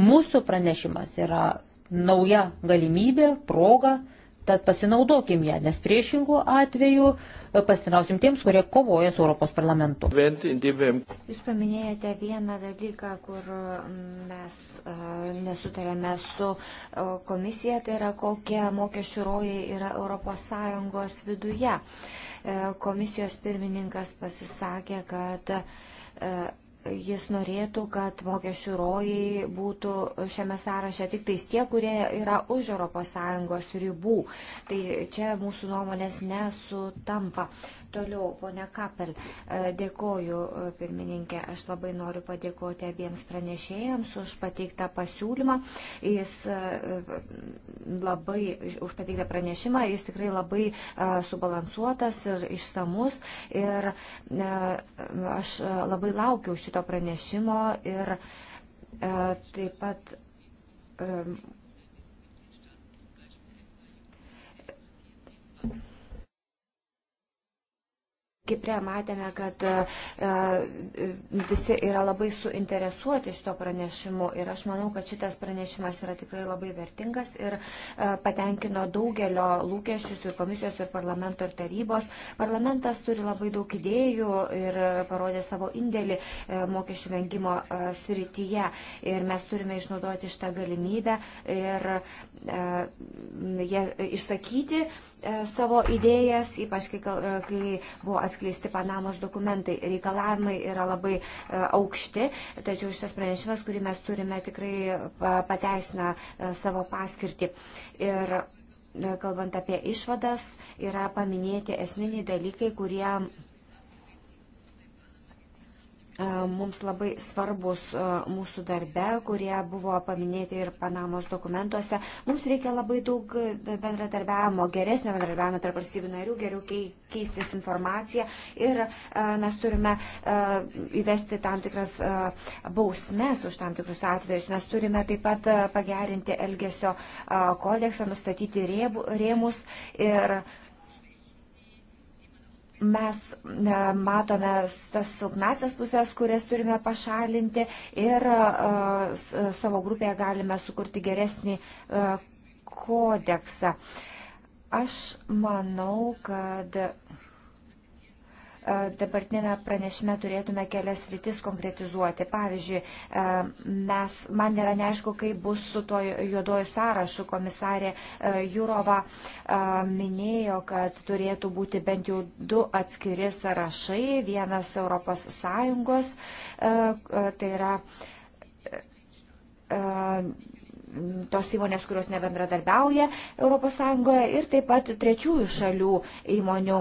Speaker 3: Mūsų pranešimas yra nauja galimybė, proga Tad pasinaudokim ją, nes priešingų atveju e, pasinausim tiems, kurie kovoja su Europos parlamentu. Jūs
Speaker 2: paminėjote vieną dalyką, kur mes e, nesutarėme su e, komisija, tai yra kokie mokesčių rojai yra ES viduje. Komisijos pirmininkas pasisakė, kad jis norėtų, kad mokesčių rojai būtų šiame sąraše tik tais tie, kurie yra už ES ribų. Tai čia mūsų nuomonės nesutampa. Toliau, ponia Kapel, e, dėkoju e, pirmininkė, aš labai noriu padėkoti abiems pranešėjams už pateiktą pasiūlymą. Jis e, labai, už pateiktą pranešimą, jis tikrai labai subalansuotas ir išsamus. Ir aš labai laukiu šito pranešimo ir taip pat Kiprė matėme, kad e, e, visi yra labai suinteresuoti šito pranešimu ir aš manau, kad šitas pranešimas yra tikrai labai vertingas ir e, patenkino daugelio lūkesčius ir komisijos ir parlamento ir tarybos. Parlamentas turi labai daug idėjų ir parodė savo indėlį mokesčių vengimo srityje ir mes turime išnaudoti šitą galimybę ir jie išsakyti savo idėjas, ypač kai, kai buvo atskirti atskleisti Panamos dokumentai. Reikalavimai yra labai e, aukšti, tačiau šis pranešimas, kurį mes turime, tikrai e, pateisina e, savo paskirtį. Ir kalbant apie išvadas, yra paminėti esminiai dalykai, kurie mums labai svarbus mūsų darbe, kurie buvo paminėti ir Panamos dokumentuose. Mums reikia labai daug bendradarbiavimo, geresnio bendradarbiavimo tarp valstybių narių, geriau keistis informaciją ir mes turime įvesti tam tikras bausmes už tam tikrus atvejus. Mes turime taip pat pagerinti Elgesio kodeksą, nustatyti rėmus ir Mes e, matome tas silpnasias pusės, kurias turime pašalinti ir e, e, savo grupėje galime sukurti geresnį kodeksą. Aš manau, kad E, dabartinėme pranešime turėtume kelias rytis konkretizuoti. Pavyzdžiui, e, mes, man nėra neaišku, kaip bus su to juodoju sąrašu. Komisarė e, Jurova minėjo, kad turėtų būti bent jau du atskiri sąrašai. Vienas Europos Sąjungos, tai yra tos įmonės, kurios nebendradarbiauja ES ir taip pat trečiųjų šalių įmonių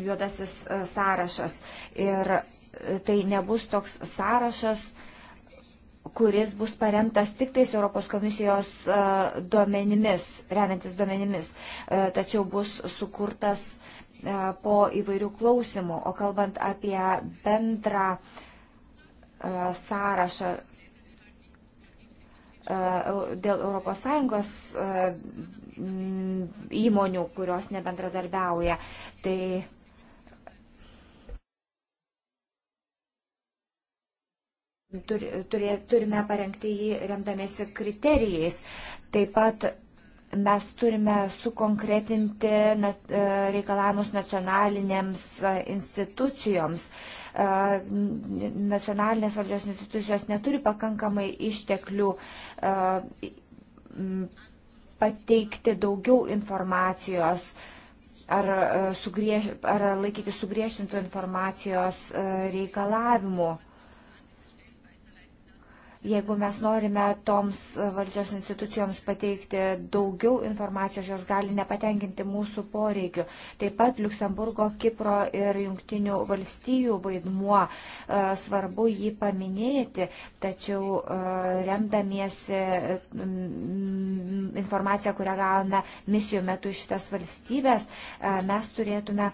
Speaker 2: juodasis sąrašas. Ir e, tai nebus toks sąrašas, kuris bus paremtas tik tais Europos komisijos duomenimis, remiantis duomenimis, e, tačiau bus sukurtas e, po įvairių klausimų. O kalbant apie bendrą sąrašą dėl ES Mm, įmonių, kurios nebendradarbiauja. Tai turė, turime parengti jį remdamėsi kriterijais. Taip pat mes turime sukonkretinti e, reikalavimus nacionalinėms e, institucijoms. E, nacionalinės valdžios institucijos neturi pakankamai išteklių pateikti daugiau informacijos ar, e, sugrieš, ar laikyti sugriešintų informacijos e, reikalavimų. Jeigu mes norime toms valdžios institucijoms pateikti daugiau informacijos, jos gali nepatenkinti mūsų poreikių. Taip pat Luksemburgo, Kipro ir Junktinių valstijų vaidmuo e, svarbu jį paminėti, tačiau e, remdamiesi informaciją, kurią gavome misijų metu iš šitas valstybės, e, mes turėtume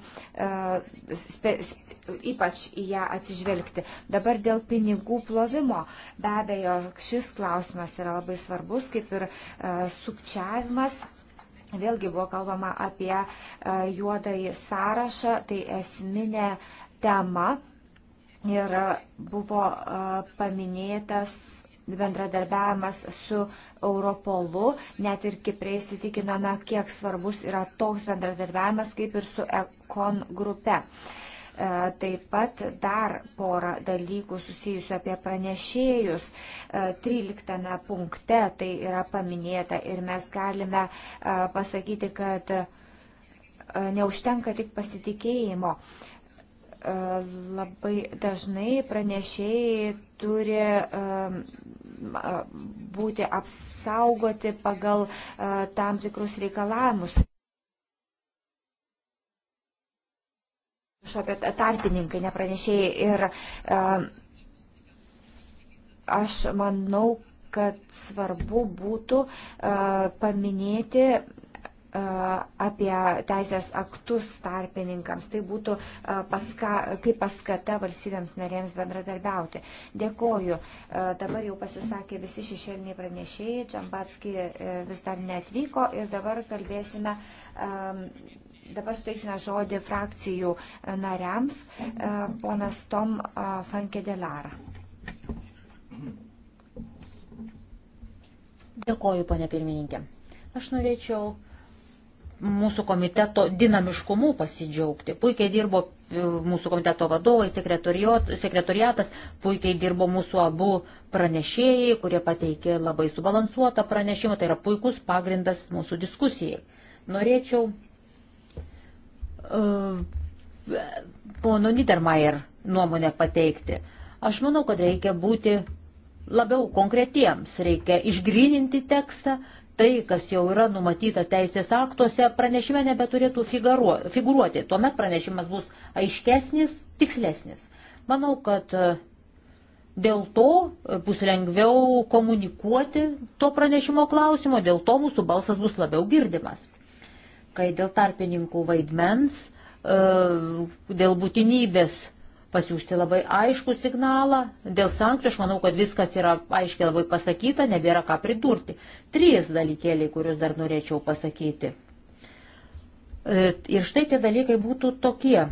Speaker 2: ypač į ją atsižvelgti. Dabar dėl pinigų plovimo. Be abejo, jog šis klausimas yra labai svarbus, kaip ir e, sukčiavimas. Vėlgi buvo kalbama apie e, juodąjį sąrašą, tai esminė tema ir buvo e, paminėtas bendradarbiavimas su Europolu, net ir Kiprė įsitikinome, kiek svarbus yra toks bendradarbiavimas kaip ir su Ekon grupe. Uh, E, taip pat dar porą dalykų susijusių apie pranešėjus. 13 e, punkte tai yra paminėta ir mes galime e, pasakyti, kad neužtenka tik pasitikėjimo labai dažnai pranešėjai turi būti apsaugoti pagal tam tikrus reikalavimus. Šopė tarpininkai, nepranešėjai. Ir uh, aš manau, kad svarbu būtų uh, paminėti e, apie teisės aktus tarpininkams. Tai būtų e, paska, kaip paskata valstybėms narėms bendradarbiauti. Dėkoju. Dabar jau pasisakė visi šešėliniai pranešėjai. Čambatski vis dar neatvyko ir dabar kalbėsime Dabar suteiksime žodį frakcijų e, nariams. E, ponas Tom e, Fankedelara.
Speaker 3: Dėkoju, ponė pirmininkė. Aš norėčiau mūsų komiteto dinamiškumu pasidžiaugti. Puikiai dirbo mūsų komiteto vadovai, sekretoriatas, puikiai dirbo mūsų abu pranešėjai, kurie pateikė labai subalansuotą pranešimą. Tai yra puikus pagrindas mūsų diskusijai. Norėčiau E, pono Niedermayer nuomonę pateikti. Aš manau, kad reikia būti labiau konkretiems, reikia išgrininti tekstą, tai, kas jau yra numatyta teisės aktuose, pranešime nebeturėtų figuruo, figuruoti. Tuomet pranešimas bus aiškesnis, tikslesnis. Manau, kad e, dėl to bus lengviau komunikuoti to pranešimo klausimo, dėl to mūsų balsas bus labiau girdimas kai dėl tarpininkų vaidmens, e, dėl būtinybės pasiūsti labai aišku signalą, dėl sankcijų aš manau, kad viskas yra aiškiai labai pasakyta, nebėra ką pridurti. Trys dalykėliai, kuriuos dar norėčiau pasakyti. E, ir štai tie dalykai būtų tokie.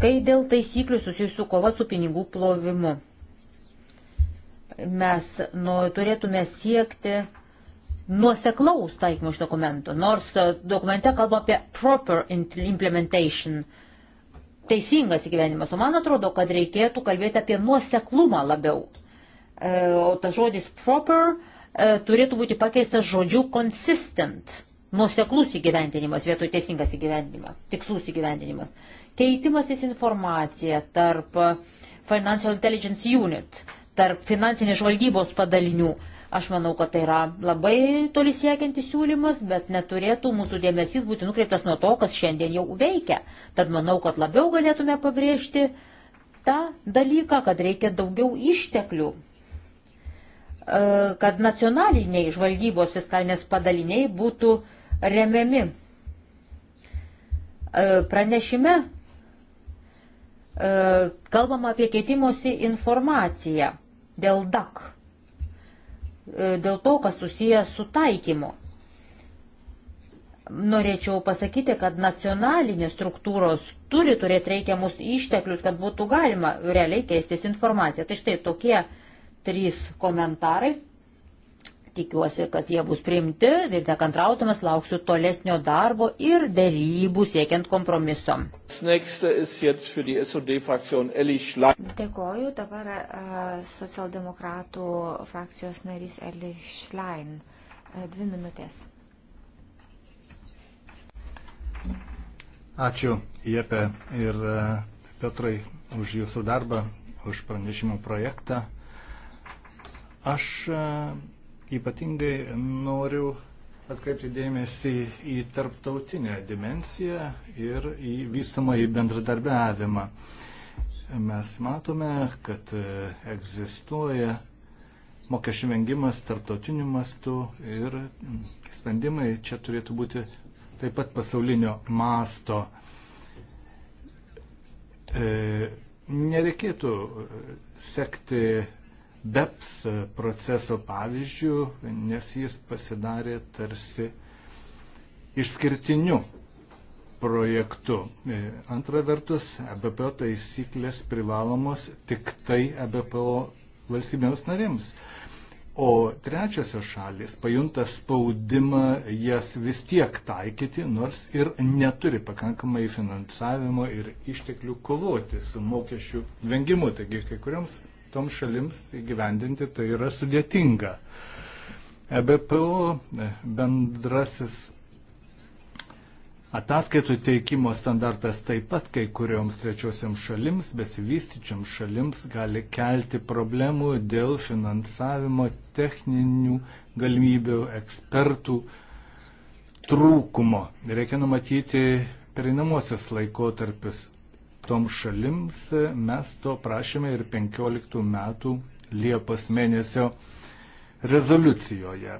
Speaker 3: Kai dėl taisyklių susijusių kova su pinigų plovimu, mes nu, turėtume siekti nuoseklaus taikymo iš dokumento, nors e, dokumente kalba apie proper implementation, teisingas įgyvenimas, o man atrodo, kad reikėtų kalbėti apie nuoseklumą labiau. E, o tas žodis proper e, turėtų būti pakeistas žodžiu consistent, nuoseklus įgyvendinimas vietoj teisingas įgyvendinimas, tikslus įgyvendinimas. Keitimasis informacija tarp Financial Intelligence Unit, tarp finansinės žvalgybos padalinių Aš manau, kad tai yra labai toli siekiantis siūlymas, bet neturėtų mūsų dėmesys būti nukreiptas nuo to, kas šiandien jau veikia. Tad manau, kad labiau galėtume pabrėžti tą dalyką, kad reikia daugiau išteklių, e, kad nacionaliniai žvalgybos fiskalinės padaliniai būtų remiami. E, pranešime e, kalbama apie keitimosi informaciją dėl DAC E, dėl to, kas susiję su taikymu. Norėčiau pasakyti, kad nacionalinės struktūros turi turėti reikiamus išteklius, kad būtų galima realiai keistis informaciją. Tai štai tokie trys komentarai tikiuosi, kad jie bus priimti, vėl nekantrautumės, lauksiu tolesnio darbo ir dėrybų siekiant kompromiso. Dėkoju,
Speaker 2: dabar uh, socialdemokratų frakcijos narys Eli Šlein. Uh, dvi minutės.
Speaker 1: Ačiū Jepe ir Petrai už jūsų darbą, už pranešimų projektą. Aš Ypatingai noriu atkreipti dėmesį į tarptautinę dimensiją ir į vystamą į bendradarbiavimą. Mes matome, kad e, egzistuoja mokesčių vengimas tarptautiniu mastu ir sprendimai čia turėtų būti taip pat pasaulinio masto. E, nereikėtų e, sekti BEPS proceso pavyzdžių, nes jis pasidarė tarsi išskirtiniu projektu. E, antra vertus, EBPO taisyklės privalomos tik tai EBPO valstybėms narėms. O trečiosios šalis pajunta spaudimą jas vis tiek taikyti, nors ir neturi pakankamai finansavimo ir išteklių kovoti su mokesčių vengimu. Taigi kai kuriams tom šalims įgyvendinti tai yra sudėtinga. EBPO e, bendrasis ataskaitų teikimo standartas taip pat kai kurioms trečiosioms šalims, besivystyčiams šalims gali kelti problemų dėl finansavimo techninių galimybių ekspertų trūkumo. Reikia numatyti pereinamosios laikotarpis tom šalims. Mes to prašėme ir 15 metų Liepos mėnesio rezoliucijoje.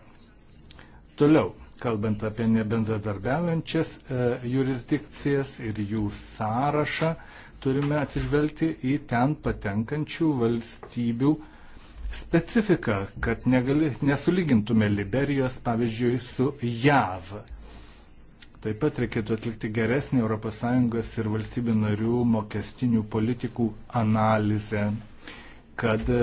Speaker 1: Toliau, kalbant apie nebendradarbiaujančias e, jurisdikcijas ir jų sąrašą, turime atsižvelgti į ten patenkančių valstybių specifiką, kad negali, nesulygintume Liberijos, pavyzdžiui, su JAV. Taip pat reikėtų atlikti geresnį ES ir valstybių narių mokestinių politikų analizę, kad e,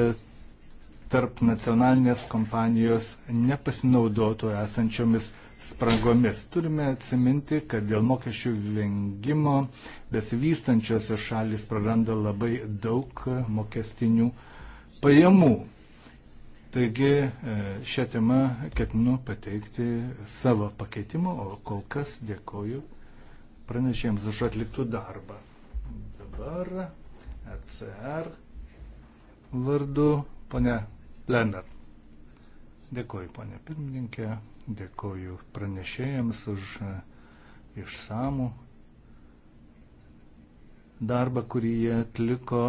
Speaker 1: tarp nacionalinės kompanijos nepasinaudotų esančiomis spragomis. Turime atsiminti, kad dėl mokesčių vengimo besivystančiose šalis praranda labai daug mokestinių pajamų. Taigi e, šią temą ketinu pateikti savo pakeitimu, o kol kas dėkoju pranešėjams už atliktų darbą. Dabar ECR vardu ponia Lenar. Dėkoju ponia pirmininkė, dėkoju pranešėjams už e, išsamų darbą, kurį jie atliko,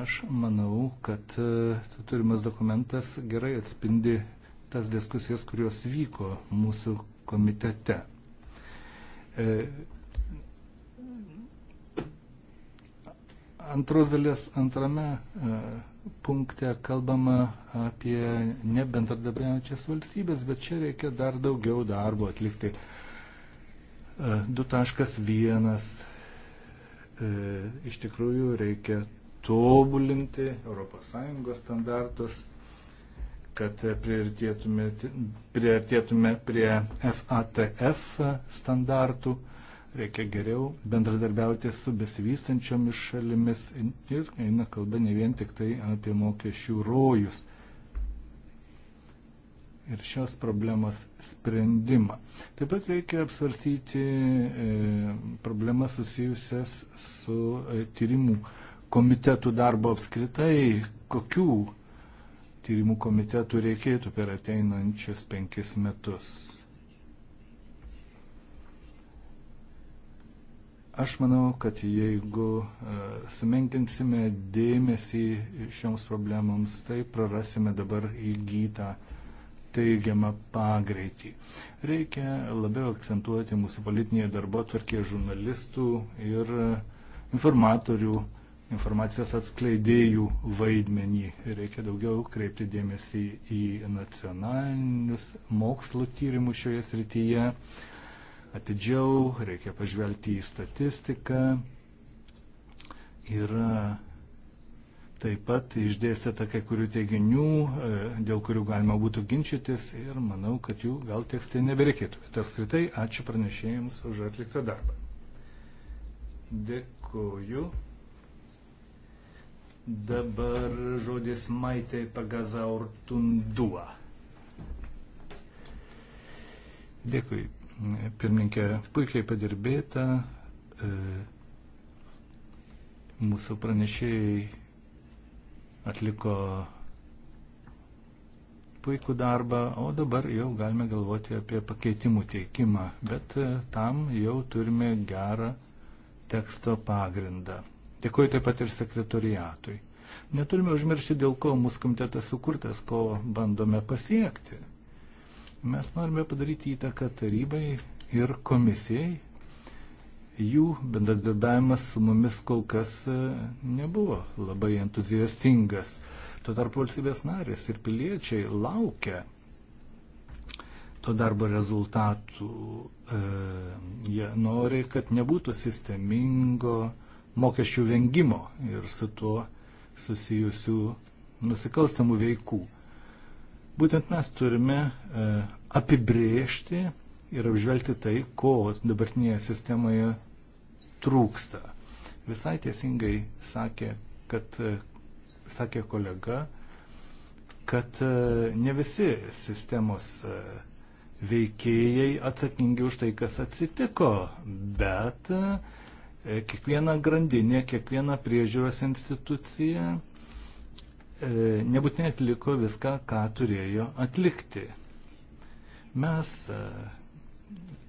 Speaker 1: aš manau, kad e, turimas dokumentas gerai atspindi tas diskusijas, kurios vyko mūsų komitete. E, antros dalies antrame e, punkte kalbama apie nebendradarbiaujančias valstybės, bet čia reikia dar daugiau darbo atlikti. 2.1 E, iš tikrųjų reikia tobulinti ES standartus, kad priartėtume, priartėtume prie FATF standartų. Reikia geriau bendradarbiauti su besivystančiomis šalimis ir eina kalba ne vien tik tai apie mokesčių rojus ir šios problemos sprendimą. Taip pat reikia apsvarstyti e, problemas susijusias su e, tyrimų komitetų darbo apskritai, kokių tyrimų komitetų reikėtų per ateinančius penkis metus. Aš manau, kad jeigu e, sumenkinsime dėmesį šioms problemams, tai prarasime dabar įgytą uh, teigiamą pagreitį. Reikia labiau akcentuoti mūsų politinėje darbo tvarkėje žurnalistų ir informatorių, informacijos atskleidėjų vaidmenį. Reikia daugiau kreipti dėmesį į nacionalinius mokslo tyrimus šioje srityje. Atidžiau reikia pažvelgti į statistiką. Yra Taip pat išdėstėta kai kurių teiginių, e, dėl kurių galima būtų ginčytis ir manau, kad jų gal tekste nebereikėtų. Bet apskritai ačiū pranešėjams už atliktą darbą. Dėkuoju. Dabar žodis maitai pagazaurtundua. Dėkui. Pirmininkė, puikiai padirbėta. E, mūsų pranešėjai atliko puikų darbą, o dabar jau galime galvoti apie pakeitimų teikimą, bet e, tam jau turime gerą teksto pagrindą. Dėkuoju taip pat ir sekretoriatui. Neturime užmiršti, dėl ko mūsų komitetas sukurtas, ko bandome pasiekti. Mes norime padaryti įtaką tarybai ir komisijai, jų bendradarbiavimas su mumis kol kas e, nebuvo labai entuziastingas. Tuo tarpu valstybės narės ir piliečiai laukia to darbo rezultatų. E, jie nori, kad nebūtų sistemingo mokesčių vengimo ir su tuo susijusių nusikalstamų veikų. Būtent mes turime e, apibriežti ir apžvelgti tai, ko dabartinėje sistemoje trūksta. Visai tiesingai sakė, kad, sakė kolega, kad e, ne visi sistemos e, veikėjai atsakingi už tai, kas atsitiko, bet e, kiekviena grandinė, kiekviena priežiūros institucija nebūtinai atliko viską, ką turėjo atlikti. Mes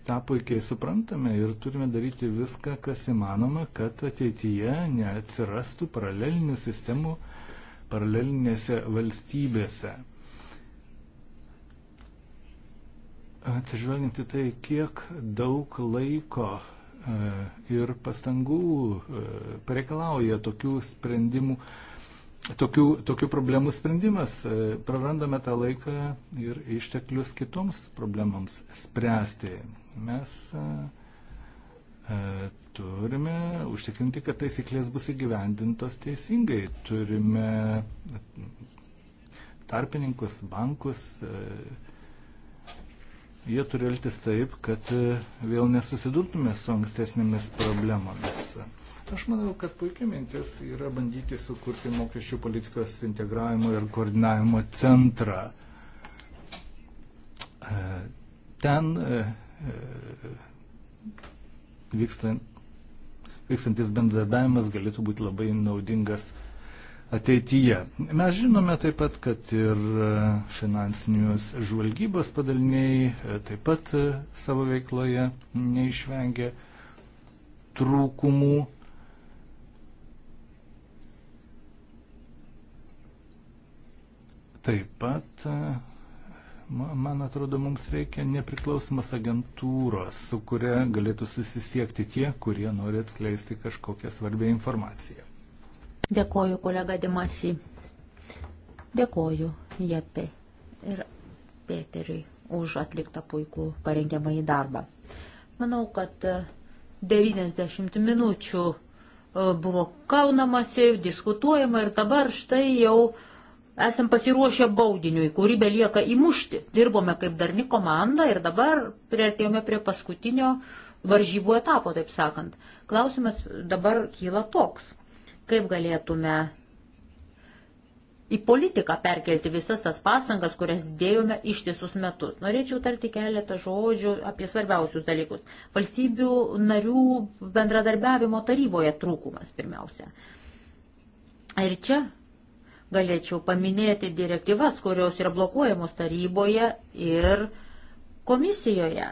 Speaker 1: tą puikiai suprantame ir turime daryti viską, kas įmanoma, kad ateityje neatsirastų paralelinių sistemų paralelinėse valstybėse. Atsižvelgiant į tai, kiek daug laiko e, ir pastangų e, pareikalauja tokių sprendimų tokių, tokių problemų sprendimas. E, prarandame tą laiką ir išteklius kitoms problemams spręsti. Mes e, e, turime užtikrinti, kad taisyklės bus įgyvendintos teisingai. Turime tarpininkus, bankus. Jie turi elgtis taip, kad vėl nesusidurtume su ankstesnėmis problemomis. Aš manau, kad puikia mintis yra bandyti sukurti mokesčių politikos integravimo ir koordinavimo centrą. E, ten e, e, vykstantis bendradarbiavimas galėtų būti labai naudingas ateityje. Mes žinome taip pat, kad ir finansinius žvalgybos padaliniai taip pat savo veikloje neišvengia trūkumų. Taip pat, e, man atrodo, mums reikia nepriklausomas agentūros, su kuria galėtų susisiekti tie, kurie nori atskleisti kažkokią svarbę informaciją.
Speaker 3: Dėkoju, kolega Dimasi. Dėkoju, Jepe ir Peteriui už atliktą puikų parengiamąjį darbą. Manau, kad 90 e, minučių e, buvo kaunamasi, diskutuojama ir dabar štai jau uh, esam pasiruošę baudiniui, kurį belieka įmušti. Dirbome kaip darni komanda ir dabar prieartėjome prie paskutinio varžybų etapo, taip sakant. Klausimas dabar kyla toks. Kaip galėtume į politiką perkelti visas tas pasangas, kurias dėjome ištisus metus. Norėčiau tarti keletą žodžių apie svarbiausius dalykus. Valstybių narių bendradarbiavimo taryboje trūkumas pirmiausia. Ir čia Galėčiau paminėti direktyvas, kurios yra blokuojamos taryboje ir komisijoje.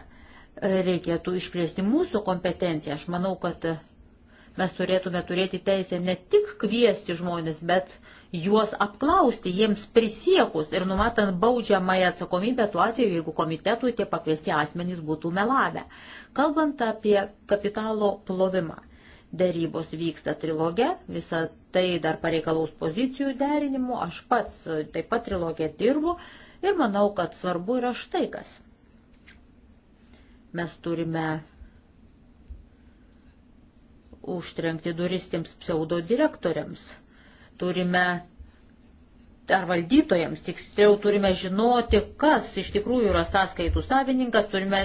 Speaker 3: Reikėtų išplėsti mūsų kompetenciją. Aš manau, kad mes turėtume turėti teisę ne tik kviesti žmonės, bet juos apklausti, jiems prisiekus ir numatant baudžiamąją atsakomybę tuo atveju, jeigu komitetui tie pakviesti asmenys būtų melavę. Kalbant apie kapitalo plovimą. Dėrybos vyksta trilogė, visa tai dar pareikalaus pozicijų derinimu, aš pats taip pat trilogė dirbu ir manau, kad svarbu yra štai kas. Mes turime užtrenkti duris tiems pseudo direktoriams, turime ar valdytojams, tiksliau turime žinoti, kas iš tikrųjų yra sąskaitų savininkas, turime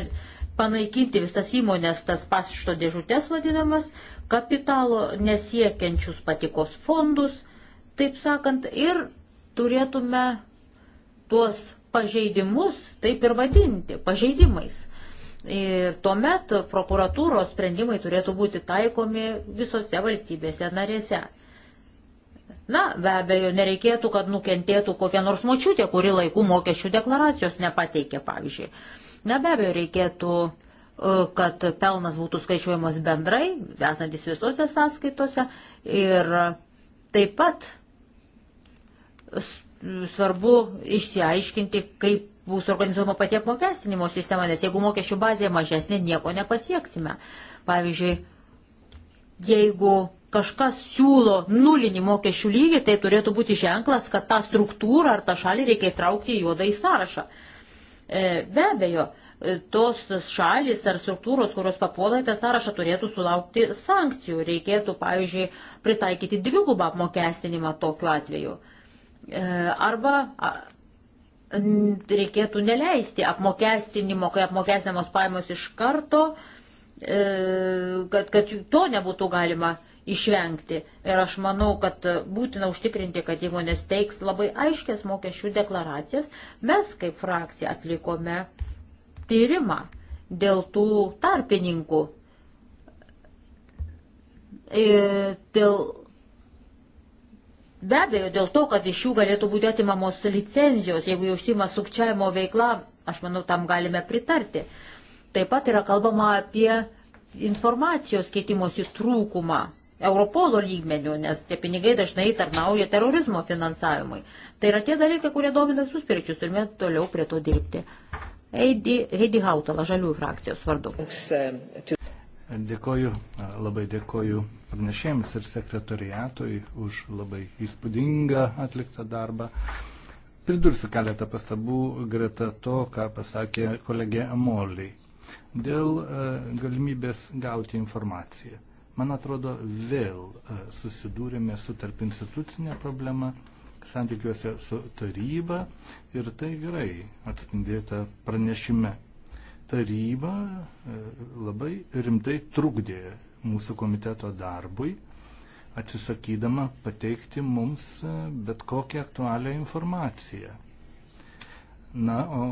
Speaker 3: panaikinti visas įmonės, tas pašto dėžutės vadinamas, kapitalo nesiekiančius patikos fondus, taip sakant, ir turėtume tuos pažeidimus taip ir vadinti pažeidimais. Ir tuomet prokuratūros sprendimai turėtų būti taikomi visose valstybėse narėse. Na, be abejo, nereikėtų, kad nukentėtų kokia nors močiutė, kuri laikų mokesčių deklaracijos nepateikė, pavyzdžiui. Na, be abejo, reikėtų E, kad pelnas būtų skaičiuojamas bendrai, esantis visose sąskaitose. Ir taip pat svarbu išsiaiškinti, kaip bus organizuojama pati apmokestinimo sistema, nes jeigu mokesčių bazė mažesnė, nieko nepasieksime. Pavyzdžiui, jeigu kažkas siūlo nulinį mokesčių lygį, tai turėtų būti ženklas, kad tą struktūrą ar tą šalį reikia įtraukti į juodą į sąrašą. E, be abejo, E, tos šalis ar struktūros, kurios papuola į tą sąrašą, turėtų sulaukti sankcijų. Reikėtų, pavyzdžiui, pritaikyti dvigubą apmokestinimą tokiu atveju. E, arba reikėtų neleisti apmokestinimo, kai apmokestinamos paimos iš karto, e, kad, kad to nebūtų galima išvengti. Ir aš manau, kad būtina užtikrinti, kad įmonės teiks labai aiškės mokesčių deklaracijas. Mes kaip frakcija atlikome uh, tyrimą dėl tų tarpininkų. Ir e, dėl, be abejo, dėl to, kad iš jų galėtų būti atimamos licenzijos, jeigu jie užsima sukčiavimo veikla, aš manau, tam galime pritarti. Taip pat yra kalbama apie informacijos keitimosi trūkumą Europolo lygmenių, nes tie pinigai dažnai tarnauja terorizmo finansavimui. Tai yra tie dalykai, kurie domina visus pirkčius, turime toliau prie to dirbti. Heidi, Heidi Hautala, Žaliųjų frakcijos vardu.
Speaker 1: Dėkoju, labai dėkoju pranešėjams ir sekretoriatui už labai įspūdingą atliktą darbą. Pridursiu keletą pastabų greta to, ką pasakė kolegė Amoliai. Dėl e, galimybės gauti informaciją. Man atrodo, vėl e, susidūrėme su tarp institucinė problema santykiuose su taryba ir tai gerai atspindėta pranešime. Taryba e, labai rimtai trukdė mūsų komiteto darbui, atsisakydama pateikti mums e, bet kokią aktualią informaciją. Na, o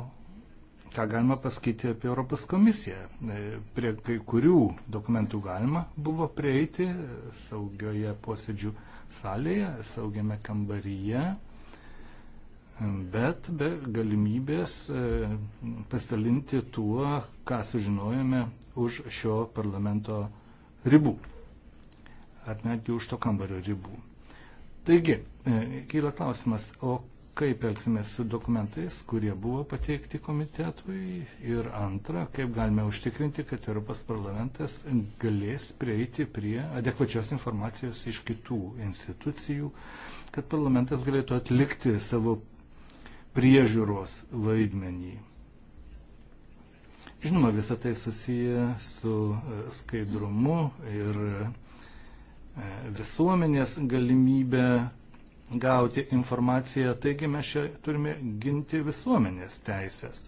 Speaker 1: ką galima pasakyti apie Europos komisiją? E, prie kai kurių dokumentų galima buvo prieiti saugioje posėdžių salėje, saugiame kambaryje, bet be galimybės e, pasidalinti tuo, ką sužinojame už šio parlamento ribų, ar netgi už to kambario ribų. Taigi, e, kyla klausimas, o kaip elgsimės su dokumentais, kurie buvo pateikti komitetui ir antra, kaip galime užtikrinti, kad Europos parlamentas galės prieiti prie adekvačios informacijos iš kitų institucijų, kad parlamentas galėtų atlikti savo priežiūros vaidmenį. Žinoma, visą tai susiję su e, skaidrumu ir e, visuomenės galimybę gauti informaciją, taigi mes čia turime ginti visuomenės teisės.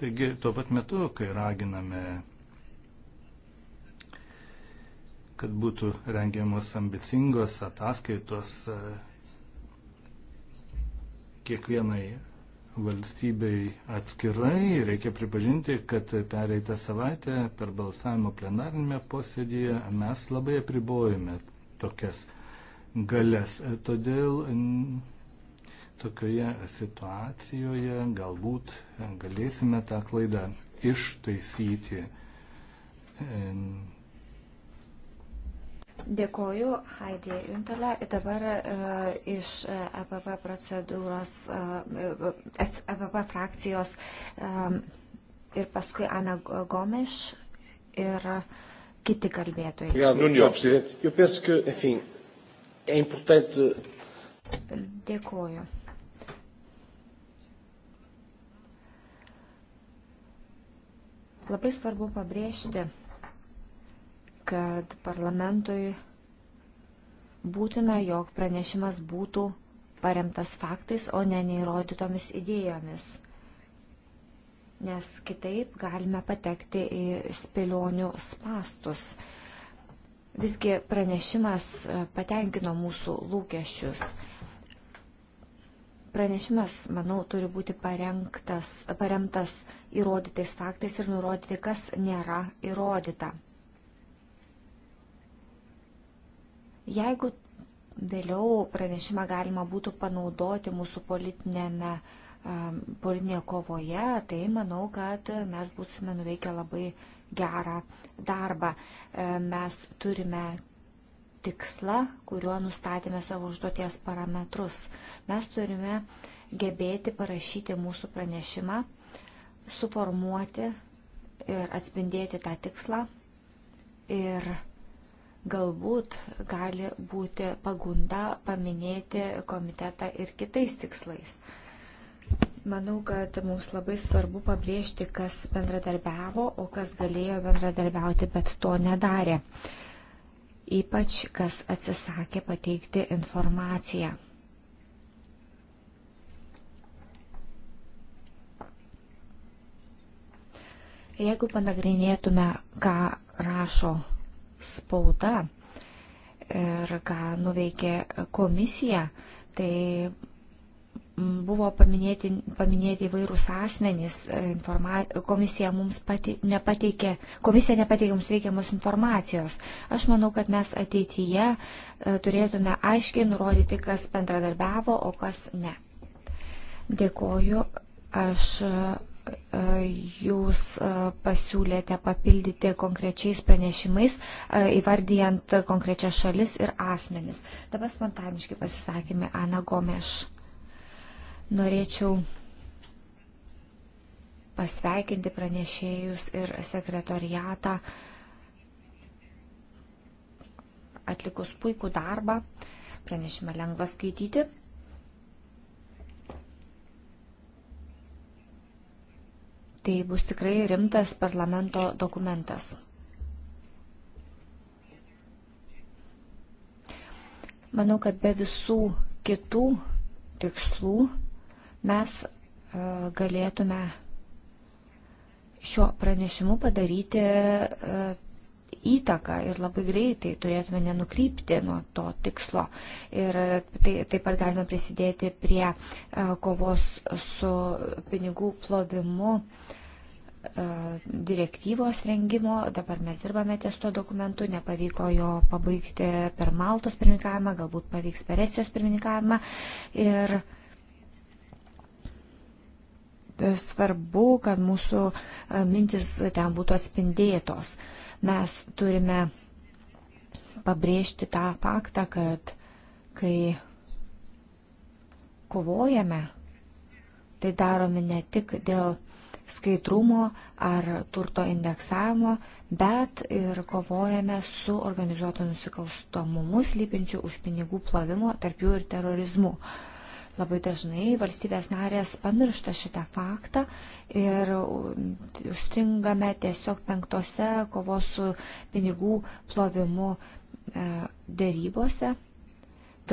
Speaker 1: Taigi tuo pat metu, kai raginame, kad būtų rengiamos ambicingos ataskaitos e, kiekvienai valstybei atskirai, reikia pripažinti, kad pereitą savaitę per balsavimo plenarinėme posėdėje mes labai apribojame tokias galės. Todėl tokioje situacijoje galbūt galėsime tą klaidą ištaisyti.
Speaker 2: Dėkoju, Haidė Juntelė. Dabar uh, iš EPP e procedūros, uh, e, EPP frakcijos um, ir paskui Ana Gomiš ir kiti kalbėtojai. Ja, nun, nu, jo,
Speaker 1: eu penso que, enfim, é importante.
Speaker 2: Dėkuoju. Labai svarbu pabrėžti, kad parlamentui būtina, jog pranešimas būtų paremtas faktais, o ne neįrodytomis idėjomis. Nes kitaip galime patekti į spėlionių spastus. Uh, Visgi pranešimas e, patenkino mūsų lūkesčius. Pranešimas, manau, turi būti parengtas, paremtas įrodytais faktais ir nurodyti, kas nėra įrodyta. Jeigu vėliau pranešimą galima būtų panaudoti mūsų politinėme e, politinėje kovoje, tai manau, kad mes būsime nuveikę labai uh, gerą darbą. E, mes turime tikslą, kuriuo nustatėme savo užduoties parametrus. Mes turime gebėti parašyti mūsų pranešimą, suformuoti ir atspindėti tą tikslą ir galbūt gali būti pagunda paminėti komitetą ir kitais tikslais. Manau, kad mums labai svarbu pabrėžti, kas bendradarbiavo, o kas galėjo bendradarbiauti, bet to nedarė. Ypač kas atsisakė pateikti informaciją. Jeigu panagrinėtume, ką rašo spauda ir ką nuveikė komisija, tai Buvo paminėti, paminėti įvairūs asmenys, e, informa, komisija mums pati, nepateikė, komisija nepateikė mums reikiamos informacijos. Aš manau, kad mes ateityje e, turėtume aiškiai nurodyti, kas bendradarbiavo, o kas ne. Dėkoju. Aš e, jūs pasiūlėte papildyti konkrečiais pranešimais, įvardyjant konkrečias šalis ir asmenis. Dabar spontaniški pasisakymai Ana Gomeš. Norėčiau pasveikinti pranešėjus ir sekretoriatą atlikus puikų darbą. Pranešimą lengva skaityti. Tai bus tikrai rimtas parlamento dokumentas. Manau, kad be visų kitų tikslų mes e, galėtume šiuo pranešimu padaryti e, įtaką ir labai greitai turėtume nenukrypti nuo to tikslo. Ir tai, taip pat galime prisidėti prie e, kovos su pinigų plovimu direktyvos rengimo. Dabar mes dirbame ties tuo dokumentu, nepavyko jo pabaigti per Maltos pirmininkavimą, galbūt pavyks per Estijos pirmininkavimą. Ir uh, svarbu, kad mūsų e, mintis ten būtų atspindėtos. Mes turime pabrėžti tą faktą, kad kai kovojame, tai darome ne tik dėl skaidrumo ar turto indeksavimo, bet ir kovojame su organizuotu nusikalstamumu slypinčiu už pinigų plovimo, tarp jų ir terorizmu. Uh, Labai dažnai valstybės narės pamiršta šitą faktą ir užstringame tiesiog penktose kovos su pinigų plovimu e, dėrybose.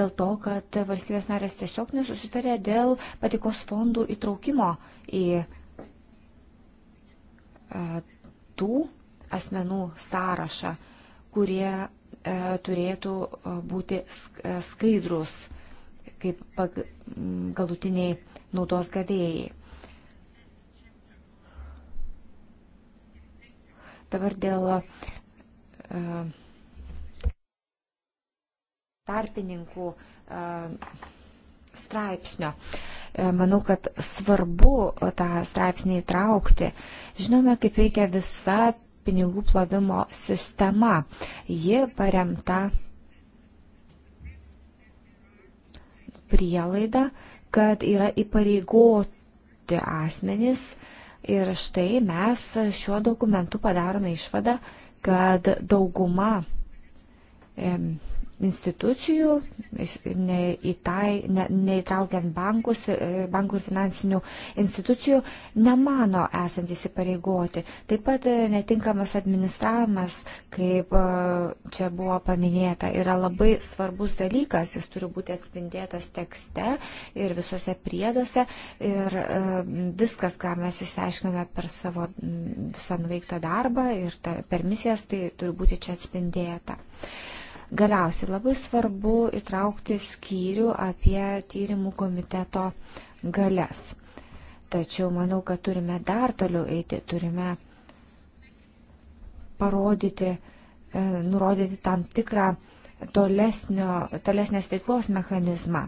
Speaker 2: Dėl to, kad valstybės narės tiesiog nesusitarė dėl patikos fondų įtraukimo į e, tų asmenų sąrašą, kurie e, turėtų būti skaidrus kaip galutiniai naudos gavėjai. Dabar dėl e, tarpininkų e, straipsnio. E, manau, kad svarbu tą straipsnį įtraukti. Žinome, kaip veikia visa pinigų plovimo sistema. Ji paremta prielaidą, kad yra įpareigoti asmenys ir štai mes šiuo dokumentu padarome išvadą, kad dauguma institucijų, tai, neįtraukiant bankus, e, bankų ir finansinių institucijų, nemano esant įsipareigoti. Taip pat e, netinkamas administravimas, kaip e, čia buvo paminėta, yra labai svarbus dalykas, jis turi būti atspindėtas tekste ir visuose prieduose ir viskas, ką mes išsiaiškiname per savo visą nuveiktą darbą ir per misijas, tai turi būti čia atspindėta. Yeah. Galiausiai labai svarbu įtraukti skyrių apie tyrimų komiteto galės. Tačiau manau, kad turime dar toliau eiti, turime parodyti, e, nurodyti tam tikrą tolesnio, tolesnės veiklos mechanizmą,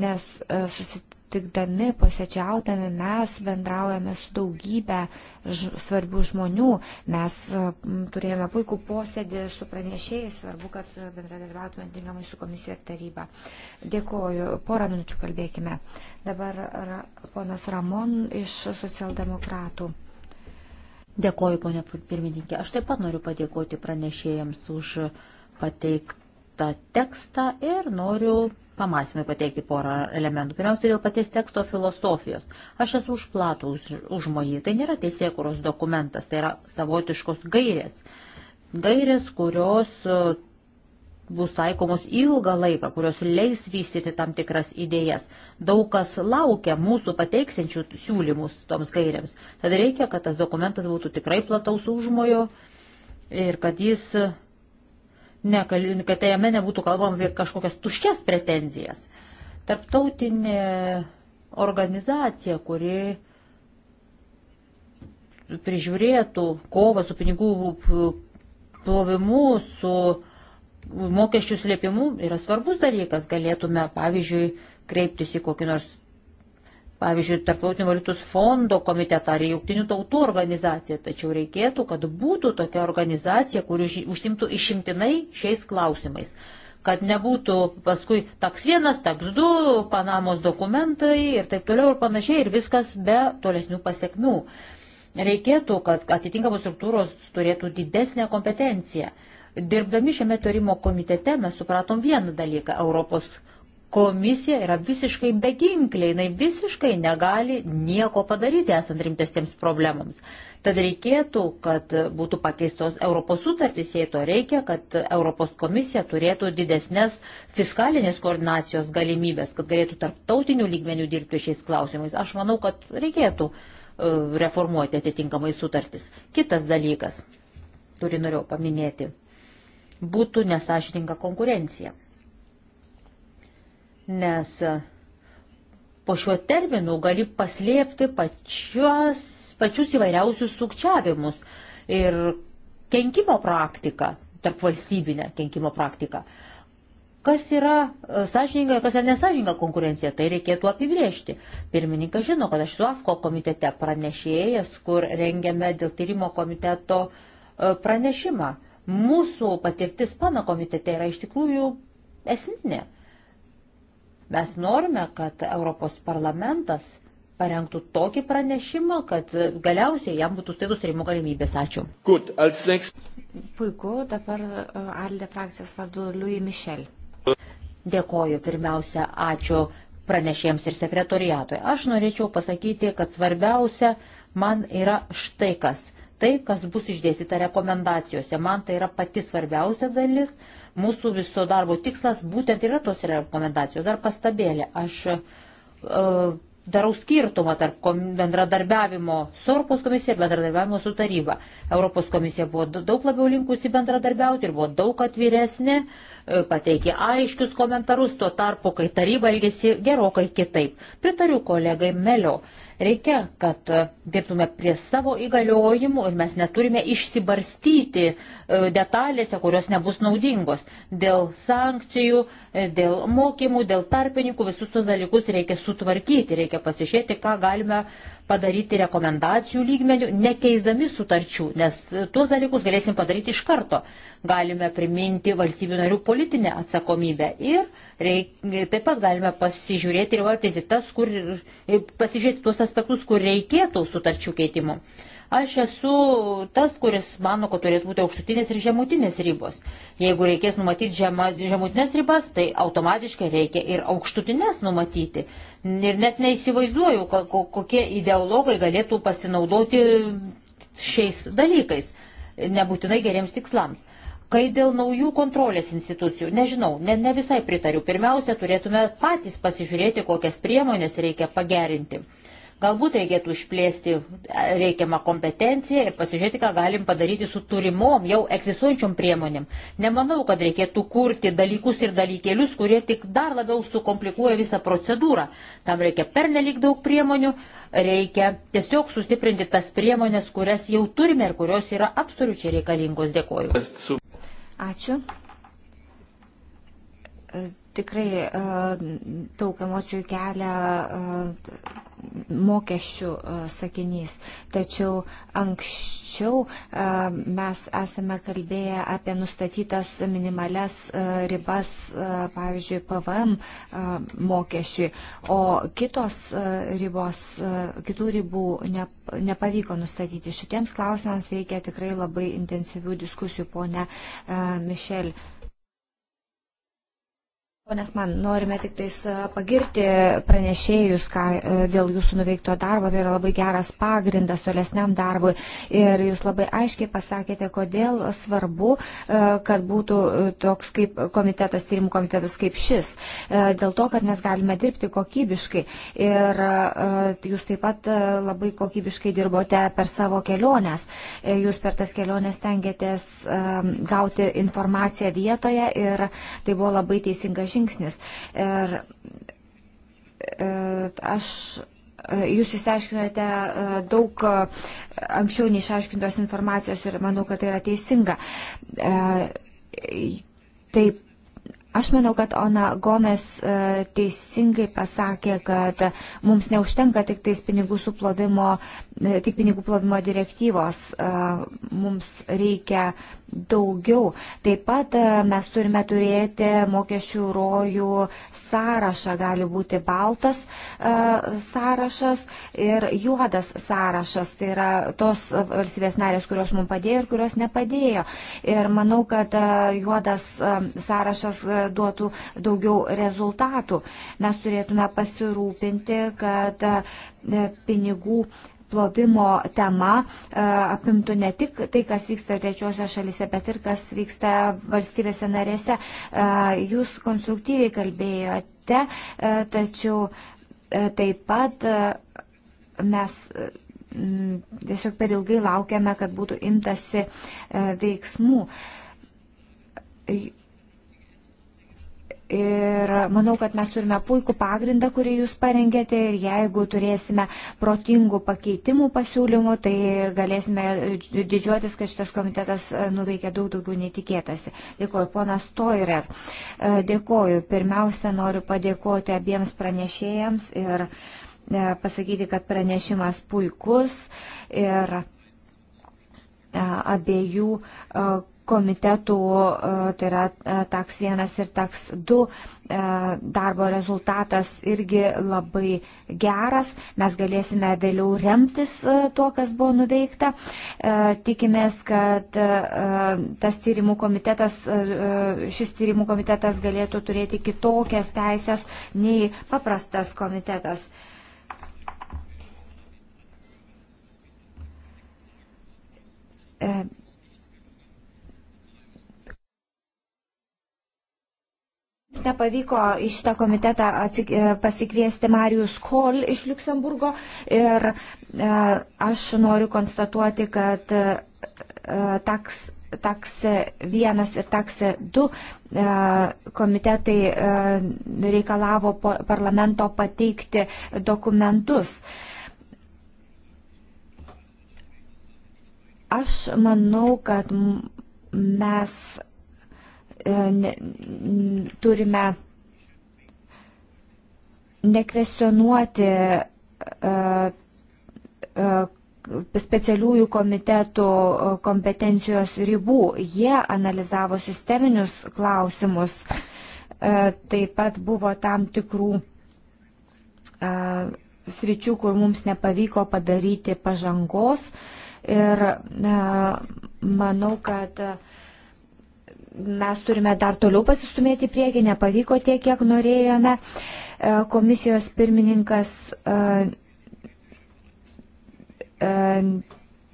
Speaker 2: nes e, susitikti sutikdami, posėdžiaudami mes bendraujame su daugybė svarbių žmonių. Mes e, turėjome puikų posėdį su pranešėjais, svarbu, kad bendradarbiautume tinkamai su komisija ir taryba. Dėkuoju, porą minučių kalbėkime.
Speaker 3: Dabar ra, ponas Ramon iš socialdemokratų. Dėkuoju, ponė pirmininkė. Aš taip pat noriu padėkoti pranešėjams už pateiktą tą tekstą ir noriu pamąstymai pateikti porą elementų. Pirmiausia, dėl paties teksto filosofijos. Aš esu už platų užmojį. Tai nėra teisėkuros dokumentas, tai yra savotiškos gairės. Gairės, kurios e, bus taikomos ilgą laiką, kurios leis vystyti tam tikras idėjas. Daug kas laukia mūsų pateiksinčių siūlymus toms gairiams. Tad reikia, kad tas dokumentas būtų tikrai plataus užmojo ir kad jis nekal... kad jame nebūtų kalbama apie kažkokias tuščias pretenzijas. Tarptautinė organizacija, kuri prižiūrėtų kovą su pinigų plovimu, su mokesčių slėpimu, yra svarbus dalykas. Galėtume, pavyzdžiui, kreiptis į kokį nors pavyzdžiui, Tarptautinio valiutos fondo komitetą ar jungtinių tautų organizaciją, tačiau reikėtų, kad būtų tokia organizacija, kuri užsimtų išimtinai šiais klausimais kad nebūtų paskui taks vienas, taks du, Panamos dokumentai ir taip toliau ir panašiai ir viskas be tolesnių pasiekmių. Reikėtų, kad atitinkamos struktūros turėtų didesnę kompetenciją. Dirbdami šiame tarimo komitete mes supratom vieną dalyką. Europos komisija yra visiškai beginkliai, jinai visiškai negali nieko padaryti esant rimtesiems problemams. Tad reikėtų, kad būtų pakeistos Europos sutartys, jei to reikia, kad Europos komisija turėtų didesnės fiskalinės koordinacijos galimybės, kad galėtų tarptautinių lygmenių dirbti šiais klausimais. Aš manau, kad reikėtų e, reformuoti atitinkamai sutartis. Kitas dalykas, kurį norėjau paminėti, būtų nesažininga konkurencija nes po šiuo terminu gali paslėpti pačios, pačius įvairiausius sukčiavimus ir kenkimo praktiką, tarp valstybinę kenkimo praktiką. Kas yra e, sąžininga ir kas yra nesažininga konkurencija, tai reikėtų apibriežti. Pirmininkas žino, kad aš su AFKO komitete pranešėjas, kur rengiame dėl tyrimo komiteto e, pranešimą. Mūsų patirtis pana komitete yra iš tikrųjų esminė. Mes norime, kad Europos parlamentas parengtų tokį pranešimą, kad galiausiai jam būtų staigų surimo galimybės. Ačiū.
Speaker 1: Good, next...
Speaker 3: Puiku, dabar e, Alde frakcijos vardu Louis Michel. Dėkoju pirmiausia, ačiū pranešėjams ir sekretoriatui. Aš norėčiau pasakyti, kad svarbiausia man yra štai kas – tai, kas bus išdėstyta rekomendacijose. Man tai yra pati svarbiausia dalis. Mūsų viso darbo tikslas būtent yra tos rekomendacijos. Dar pastabėlė. Aš uh, darau skirtumą tarp bendradarbiavimo su Europos komisija ir bendradarbiavimo su taryba. Europos komisija buvo daug labiau linkusi bendradarbiauti ir buvo daug atviresnė. Uh, pateikė aiškius komentarus, tuo tarpu, kai taryba elgėsi gerokai kitaip. Pritariu kolegai Melio. Reikia, kad e, dirbtume prie savo įgaliojimų ir mes neturime išsibarstyti e, detalėse, kurios nebus naudingos. Dėl sankcijų, e, dėl mokymų, dėl tarpininkų, visus tos dalykus reikia sutvarkyti, reikia pasižiūrėti, ką galime uh, padaryti rekomendacijų lygmenių, nekeisdami sutarčių, nes e, tuos dalykus galėsim padaryti iš karto. Galime priminti valstybių narių politinę atsakomybę ir reik, taip pat galime pasižiūrėti ir vartinti tas, kur, pasižiūrėti tuos aspektus, kur reikėtų sutarčių keitimų. Uh, Aš esu tas, kuris mano, kad turėtų būti aukštutinės ir žemutinės ribos. Jeigu reikės numatyti žema, žemutinės ribas, tai automatiškai reikia ir aukštutinės numatyti. Ir net neįsivaizduoju, kokie ideologai galėtų pasinaudoti šiais dalykais, nebūtinai geriems tikslams. Kai dėl naujų kontrolės institucijų, nežinau, ne, ne visai pritariu. Pirmiausia, turėtume patys pasižiūrėti, kokias priemonės reikia pagerinti. Uh, Galbūt reikėtų išplėsti e, reikiamą kompetenciją ir pasižiūrėti, ką galim padaryti su turimom, jau egzistuojančiom priemonėm. Nemanau, kad reikėtų kurti dalykus ir dalykėlius, kurie tik dar labiau sukomplikuoja visą procedūrą. Tam reikia pernelik daug priemonių, reikia tiesiog sustiprinti tas priemonės, kurias jau turime ir kurios yra absoliučiai reikalingos. Dėkoju. Ačiū tikrai e, daug emocijų kelia
Speaker 2: e, mokesčių e, sakinys. Tačiau anksčiau mes esame kalbėję apie nustatytas minimales ribas, pavyzdžiui, PVM mokesčiui, o kitos ribos, kitų ribų nepavyko nustatyti. Šitiems klausimams reikia tikrai labai intensyvių diskusijų, ponia Mišel. Uh, Nes man norime tik tais pagirti pranešėjus, ką e, dėl jūsų nuveikto darbo, tai yra labai geras pagrindas tolesniam darbui. Ir jūs labai aiškiai pasakėte, kodėl svarbu, e, kad būtų e, toks kaip komitetas, tyrimų komitetas kaip šis. Dėl to, kad mes galime dirbti kokybiškai. Ir jūs taip pat labai kokybiškai dirbote per savo keliones. Jūs per tas keliones tengiatės gauti informaciją vietoje ir tai buvo labai teisinga žinia žingsnis. Ir e, aš e, Jūs išsiaiškinote e, daug anksčiau neišaiškintos informacijos ir manau, kad tai yra teisinga. Taip, aš manau, kad Ona Gomes teisingai pasakė, kad mums neužtenka tik tais pinigų suplovimo, tik pinigų plovimo direktyvos. Mums reikia uh, daugiau. Taip pat e, mes turime turėti mokesčių rojų sąrašą, gali būti baltas e, sąrašas ir juodas sąrašas, tai yra tos valstybės narės, kurios mums padėjo ir kurios nepadėjo. Ir manau, kad e, juodas sąrašas duotų daugiau rezultatų. Mes turėtume pasirūpinti, kad pinigų plovimo tema e, apimtų ne tik tai, kas vyksta trečiosios šalise, bet ir kas vyksta valstybėse narėse. E, jūs konstruktyviai kalbėjote, e, tačiau taip pat mes tiesiog per ilgai laukiame, kad būtų imtasi veiksmų Ir manau, kad mes turime puikų pagrindą, kurį jūs parengėte ir jeigu turėsime protingų pakeitimų pasiūlymų, tai galėsime didžiuotis, kad šitas komitetas e, nuveikė daug daugiau netikėtasi. Dėkuoju, ponas Toirer. E, dėkuoju. Pirmiausia, noriu padėkoti abiems pranešėjams ir e, pasakyti, kad pranešimas puikus ir abiejų komitetų, e, tai yra e, TAX 1 ir TAX 2 e, darbo rezultatas irgi labai geras. Mes galėsime vėliau remtis tuo, kas buvo nuveikta. Tikimės, kad tas tyrimų komitetas, šis tyrimų komitetas galėtų turėti kitokias teisės nei paprastas komitetas. Nepavyko į šitą komitetą atsik, e, pasikviesti Marijus Kol iš Luksemburgo ir e, aš noriu konstatuoti, kad e, taks takse 1 ir takse 2 e, komitetai e, reikalavo parlamento pateikti dokumentus. Aš manau, kad mes E, ne, turime nekvesionuoti e, e, specialiųjų komitetų kompetencijos ribų. Jie analizavo sisteminius klausimus. Taip pat buvo tam tikrų sričių, kur mums nepavyko padaryti pažangos. Ir manau, kad mes turime dar toliau pasistumėti priekį, nepavyko tiek, kiek norėjome. E, komisijos pirmininkas e, e,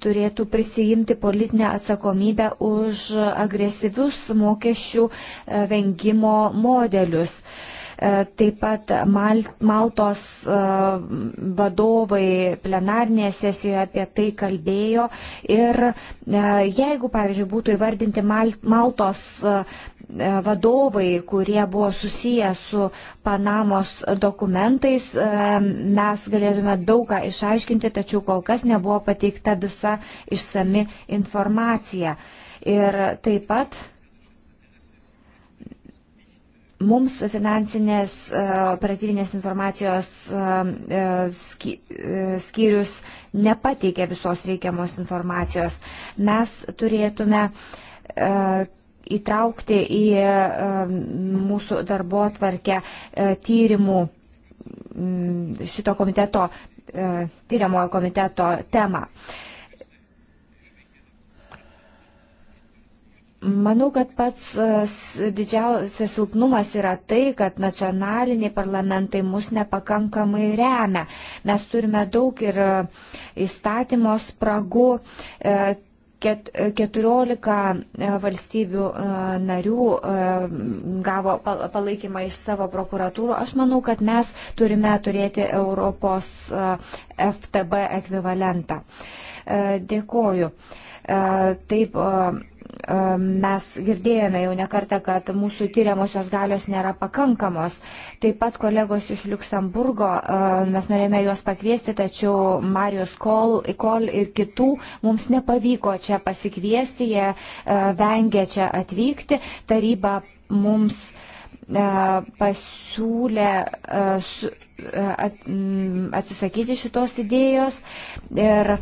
Speaker 2: turėtų prisijimti politinę atsakomybę už agresyvius mokesčių vengimo modelius. Uh, E, taip pat Mal Maltos e, vadovai plenarnėje sesijoje apie tai kalbėjo. Ir e, jeigu, pavyzdžiui, būtų įvardinti Mal Maltos vadovai, kurie buvo susiję su Panamos dokumentais, mes galėtume daugą išaiškinti, tačiau kol kas nebuvo pateikta visa išsami informacija. Ir taip pat Mums finansinės e, operatyvinės informacijos e, e, skyrius nepateikė visos reikiamos informacijos. Mes turėtume įtraukti į mūsų darbo atvarkę tyrimų šito komiteto, tyriamojo komiteto temą. Manau, kad pats e, didžiausias silpnumas yra tai, kad nacionaliniai parlamentai mus nepakankamai remia. Mes turime daug ir e, įstatymo spragų. 14 e, valstybių narių gavo palaikymą iš savo prokuratūrų. Aš manau, kad mes turime turėti Europos FTB ekvivalentą. Dėkoju. Taip, mes girdėjome jau nekartą, kad mūsų tyriamosios galios nėra pakankamos. Taip pat kolegos iš Luksemburgo, mes norėjome juos pakviesti, tačiau Marijos Kol, Kol ir kitų mums nepavyko čia pasikviesti, jie e, vengia čia atvykti. Taryba mums e, pasiūlė e, atsisakyti šitos idėjos ir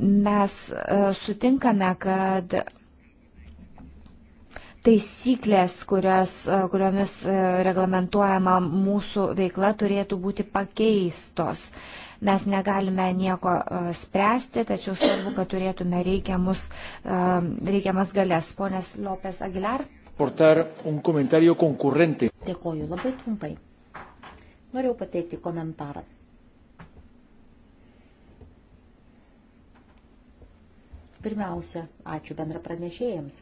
Speaker 2: mes sutinkame, kad taisyklės, kurias, e, kuriomis e, reglamentuojama mūsų veikla, turėtų būti pakeistos. Mes negalime nieko e, spręsti, tačiau svarbu, kad turėtume reikiamus, reikiamas galės. Ponės Lopės Aguilar.
Speaker 1: Dėkoju
Speaker 3: labai trumpai. Norėjau pateikti komentarą. Pirmiausia, ačiū bendra pranešėjams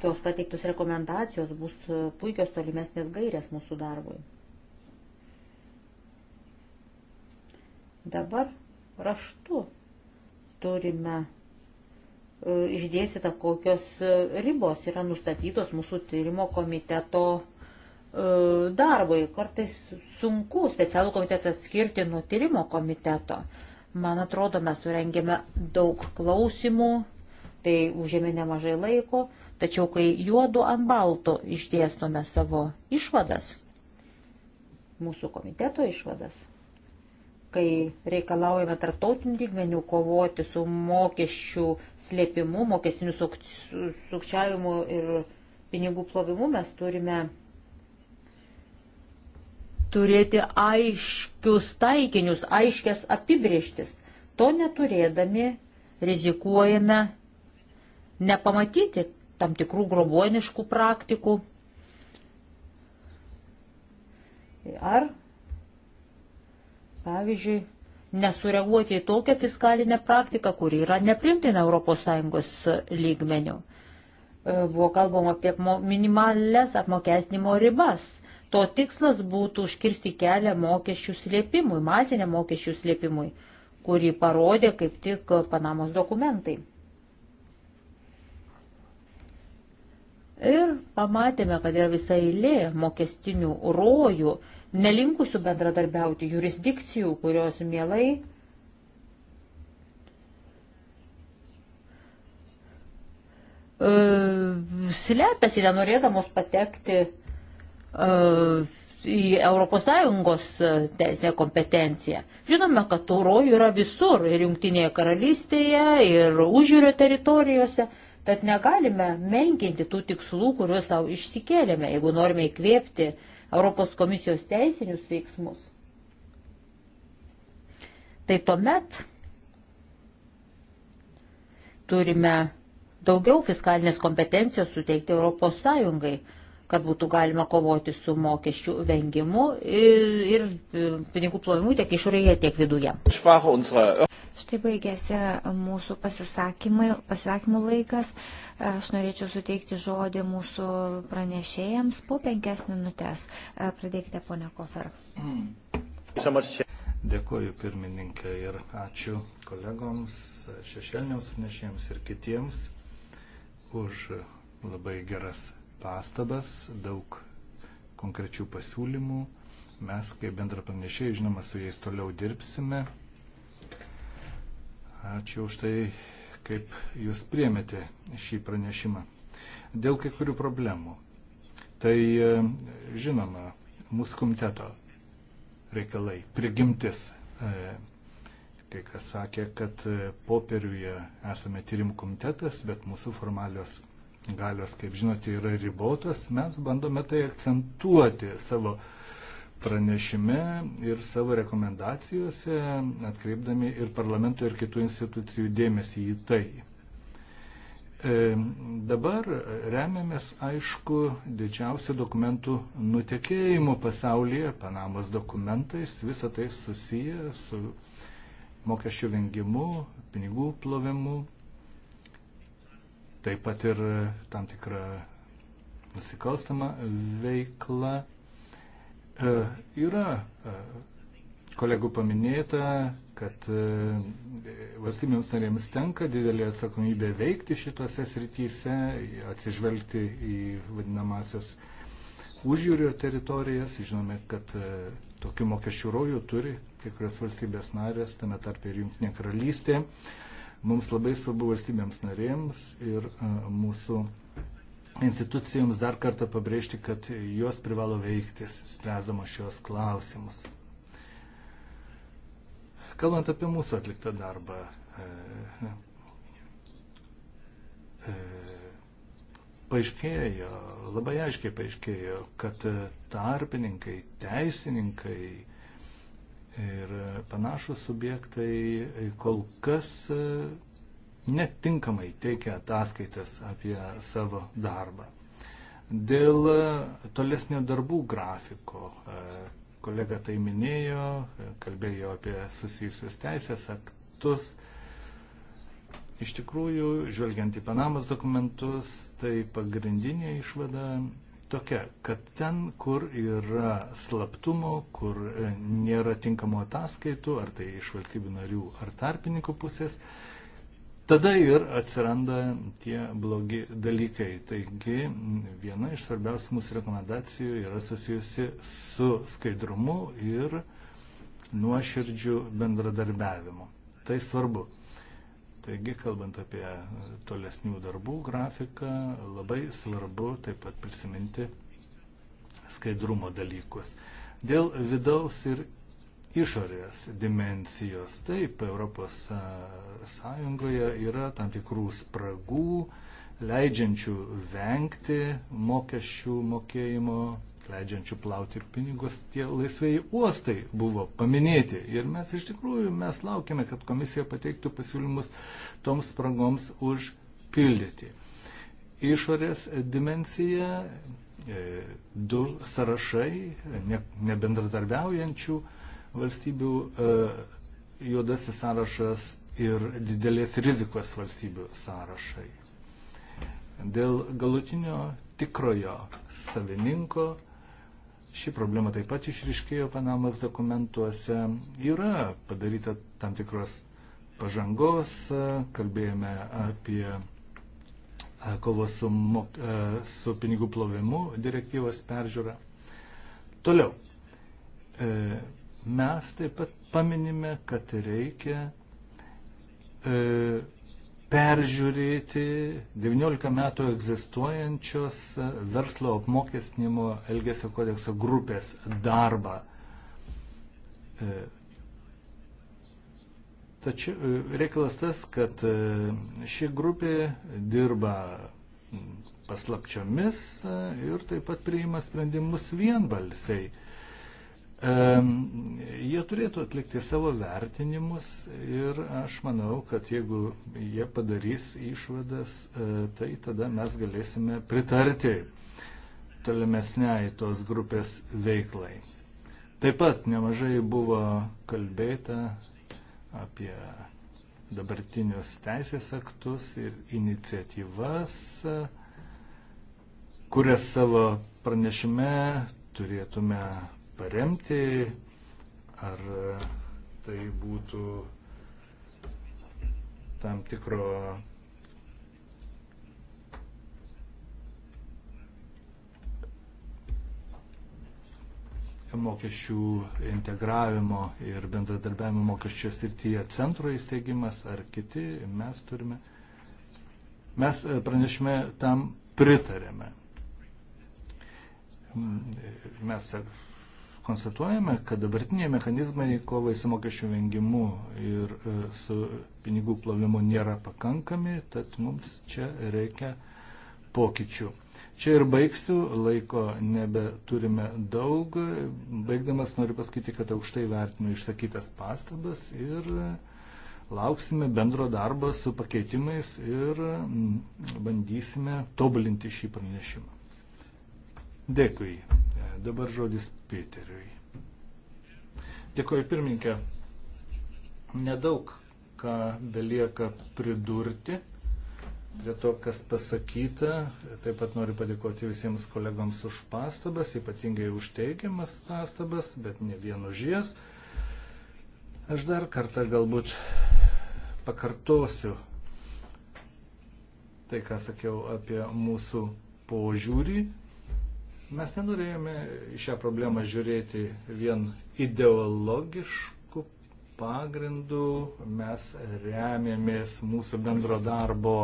Speaker 3: tos pateiktos rekomendacijos bus e, puikios tolimesnės gairės mūsų darbui. Dabar raštu turime e, išdėstyta, kokios e, ribos yra nustatytos mūsų tyrimo komiteto darbui. Kartais sunku specialų komitetą atskirti nuo tyrimo komiteto. Man atrodo, mes surengėme daug klausimų, tai užėmė nemažai laiko. Tačiau, kai juodu ant balto išdėstome savo išvadas, mūsų komiteto išvadas, kai reikalaujame tarptautinių lygmenių kovoti su mokesčių slėpimu, mokestiniu sukčiavimu ir pinigų plovimu, mes turime turėti aiškius taikinius, aiškias apibrieštis. To neturėdami rizikuojame nepamatyti, tam tikrų grobuoniškų praktikų. Ar, pavyzdžiui, nesureaguoti į tokią fiskalinę praktiką, kuri yra neprimtina ES lygmenių. E, buvo kalbama apie minimales apmokestinimo ribas. To tikslas būtų užkirsti kelią mokesčių slėpimui, masinę mokesčių slėpimui, kurį parodė kaip tik Panamos dokumentai. Ir pamatėme, kad yra visa eilė mokestinių rojų, nelinkusių bendradarbiauti jurisdikcijų, kurios mielai uh, slepiasi, nenorėdamos patekti uh, į ES teisinę kompetenciją. Žinome, kad tų rojų yra visur, ir Junktinėje karalystėje, ir užjūrio teritorijose. Uh, Tad negalime menkinti tų tikslų, kuriuos savo išsikėlėme, jeigu norime įkvėpti Europos komisijos teisinius veiksmus. Tai tuomet turime daugiau fiskalinės kompetencijos suteikti Europos Sąjungai kad būtų galima kovoti su mokesčių vengimu ir, ir e, pinigų plovimu tiek išorėje, tiek viduje. Štai baigėsi mūsų pasisakymų laikas. Aš
Speaker 2: norėčiau suteikti žodį mūsų pranešėjams po penkias minutės. E, pradėkite, ponia Kofer.
Speaker 1: Dėkuoju pirmininkė ir ačiū kolegoms, šešėliniams pranešėjams ir kitiems už labai geras pastabas, daug konkrečių pasiūlymų. Mes, kaip bendra pranešėjai, žinoma, su jais toliau dirbsime. Ačiū už tai, kaip jūs priemėte šį pranešimą. Dėl kai kurių problemų. Tai, žinoma, mūsų komiteto reikalai, prigimtis. E, kai kas sakė, kad e, popieriuje esame tyrimų komitetas, bet mūsų formalios galios, kaip žinote, yra ribotos, mes bandome tai akcentuoti savo pranešime ir savo rekomendacijose, atkreipdami ir parlamento ir kitų institucijų dėmesį į tai. E, dabar remiamės, aišku, didžiausią dokumentų nutekėjimų pasaulyje, Panamos dokumentais, visą tai susiję su mokesčių vengimu, pinigų plovimu, taip pat ir e, tam tikra nusikalstama veikla. E, yra e, kolegų paminėta, kad e, valstybėms narėms tenka didelė atsakomybė veikti šitose srityse, atsižvelgti į vadinamasias užjūrio teritorijas. Žinome, kad e, tokių mokesčių rojų turi kai kurios valstybės narės, tame tarp ir Junktinė karalystė mums labai svarbu valstybėms narėms ir mūsų institucijoms dar kartą pabrėžti, kad jos privalo veikti, spręsdama šios klausimus. Kalbant apie mūsų atliktą darbą, e, e, paaiškėjo, labai aiškiai paaiškėjo, kad e, tarpininkai, teisininkai, ir panašus subjektai kol kas e, netinkamai teikia ataskaitas apie savo darbą. Dėl e, tolesnio darbų grafiko, e, kolega tai minėjo, kalbėjo apie susijusius teisės aktus. Iš tikrųjų, žvelgiant į Panamos dokumentus, tai pagrindinė išvada tokia, kad ten, kur yra slaptumo, kur e, nėra tinkamo ataskaitų, ar tai iš valstybių narių, ar tarpininkų pusės, tada ir atsiranda tie blogi dalykai. Taigi viena iš svarbiausių mūsų rekomendacijų yra susijusi su skaidrumu ir nuoširdžiu bendradarbiavimu. Tai svarbu. Taigi, kalbant apie tolesnių darbų grafiką, labai svarbu taip pat prisiminti skaidrumo dalykus. Dėl vidaus ir išorės dimensijos. Taip, Europos Sąjungoje yra tam tikrų spragų, leidžiančių vengti mokesčių mokėjimo leidžiančių plauti pinigus, tie laisvėjai uostai buvo paminėti. Ir mes iš tikrųjų mes laukime, kad komisija pateiktų pasiūlymus toms spragoms užpildyti. Išorės dimensija, e, du sąrašai ne, nebendradarbiaujančių valstybių, e, juodasis sąrašas ir didelės rizikos valstybių sąrašai. Dėl galutinio tikrojo savininko Ši problema taip pat išriškėjo Panamos dokumentuose. Yra padaryta tam tikros pažangos, e, kalbėjome apie e, kovos su, e, su pinigų plovimu direktyvos peržiūrą. Toliau. Mes taip pat paminime, kad reikia peržiūrėti 19 metų egzistuojančios verslo apmokestinimo Elgesio kodekso grupės darbą. E, tačiau e, reikalas tas, kad e, ši grupė dirba paslapčiomis ir taip pat priima sprendimus vienbalsiai. Jie turėtų atlikti savo vertinimus ir aš manau, kad jeigu jie padarys išvadas, e, tai tada mes galėsime pritarti tolimesniai tos grupės veiklai. Taip pat nemažai buvo kalbėta apie dabartinius teisės aktus ir iniciatyvas, e, kurias savo pranešime turėtume paremti, ar tai būtų tam tikro mokesčių integravimo ir bendradarbiavimo mokesčio srityje centro įsteigimas ar kiti, mes turime, mes e, pranešime tam pritarėme. E, mes konstatuojame, kad dabartiniai mechanizmai kovai su mokesčių vengimu ir e, su pinigų plovimu nėra pakankami, tad mums čia reikia pokyčių. Čia ir baigsiu, laiko nebeturime daug. Baigdamas noriu pasakyti, kad aukštai vertinu išsakytas pastabas ir e, lauksime bendro darbo su pakeitimais ir bandysime tobulinti šį pranešimą. Dėkui. Dabar žodis Peteriui. Dėkuoju pirmininkė. Nedaug ką belieka pridurti prie to, kas pasakyta. Taip pat noriu padėkoti visiems kolegoms už pastabas, ypatingai už teigiamas pastabas, bet ne vien už jas. Aš dar kartą galbūt pakartosiu tai, ką sakiau apie mūsų požiūrį Mes nenorėjome šią problemą žiūrėti vien ideologiškų pagrindų, mes remėmės mūsų bendro darbo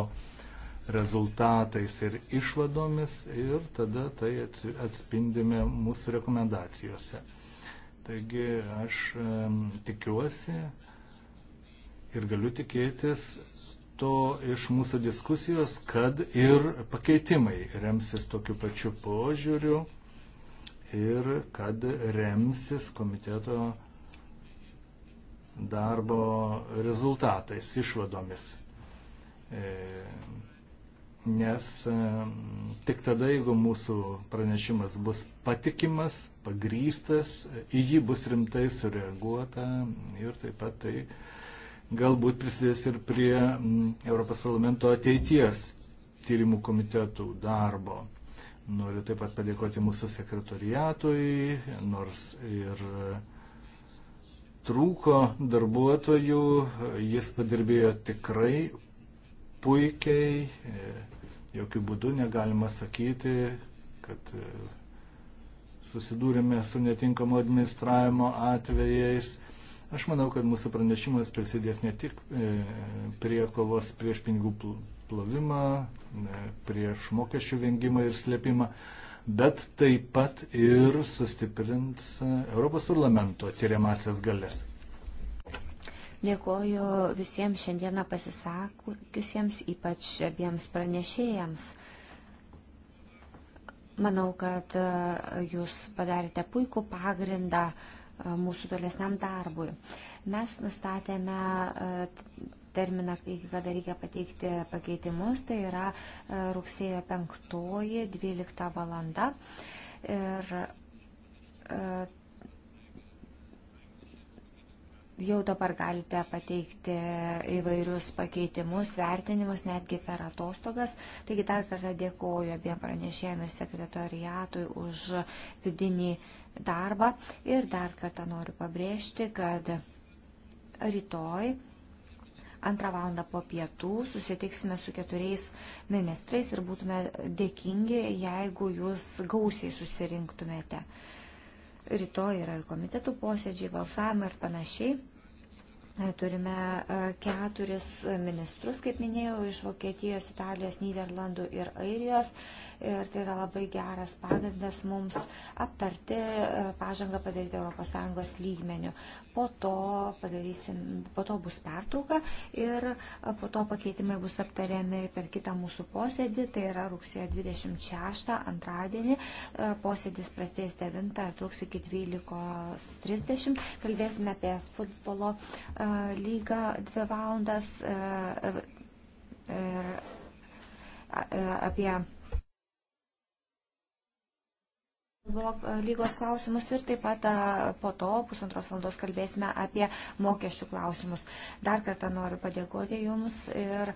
Speaker 1: rezultatais ir išvadomis ir tada tai atspindime mūsų rekomendacijose. Taigi aš tikiuosi ir galiu tikėtis to iš mūsų diskusijos, kad ir pakeitimai remsis tokiu pačiu požiūriu ir kad remsis komiteto darbo rezultatais, išvadomis. E, nes e, tik tada, jeigu mūsų pranešimas bus patikimas, pagrystas, į jį bus rimtai sureaguota ir taip pat tai galbūt prisidės ir prie mm, Europos parlamento ateities tyrimų komitetų darbo. Noriu taip pat padėkoti mūsų sekretoriatui, nors ir trūko darbuotojų, jis padirbėjo tikrai puikiai, jokių būdų negalima sakyti, kad susidūrėme su netinkamo administravimo atvejais. Aš manau, kad mūsų pranešimas prisidės ne tik e, prie kovos prieš pinigų plovimą, e, prieš mokesčių vengimą ir slėpimą, bet taip pat ir sustiprins e, Europos parlamento tyriamasias galės.
Speaker 2: Dėkoju visiems šiandieną pasisakusiems, ypač abiems pranešėjams. Manau, kad jūs padarėte puikų pagrindą uh, mūsų tolesniam darbui. Mes nustatėme terminą, iki kada reikia pateikti pakeitimus, tai yra rugsėjo 5-12 valanda. Ir jau dabar galite pateikti įvairius pakeitimus, vertinimus, netgi per atostogas. Taigi dar kartą dėkoju abiem pranešėjim ir sekretoriatui už vidinį darbą. Ir dar kartą noriu pabrėžti, kad rytoj antrą valandą po pietų susitiksime su keturiais ministrais ir būtume dėkingi, jeigu jūs gausiai susirinktumėte. Rytoj yra ir komitetų posėdžiai, balsavimai ir panašiai. Turime e, keturis ministrus, kaip minėjau, iš Vokietijos, Italijos, Niderlandų ir Airijos ir tai yra labai geras pagrindas mums aptarti e, pažangą padaryti ES lygmenių. Po to, padarysim, po to bus pertrauka ir e, po to pakeitimai bus aptariami per kitą mūsų posėdį, tai yra rugsėjo 26 antradienį, e, posėdis prasidės 9 ir truks iki 12.30, kalbėsime apie futbolo lygą 2 valandas ir apie lygos klausimus ir taip pat po to pusantros valandos kalbėsime apie mokesčių klausimus. Dar kartą noriu padėkoti Jums ir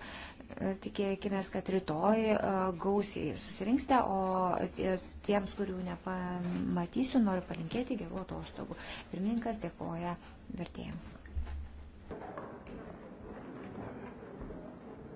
Speaker 2: tikėkime, kad rytoj gausiai susirinksite, o tiems, kurių nepamatysiu, noriu palinkėti gerų atostogų. Pirmininkas dėkoja vertėjams.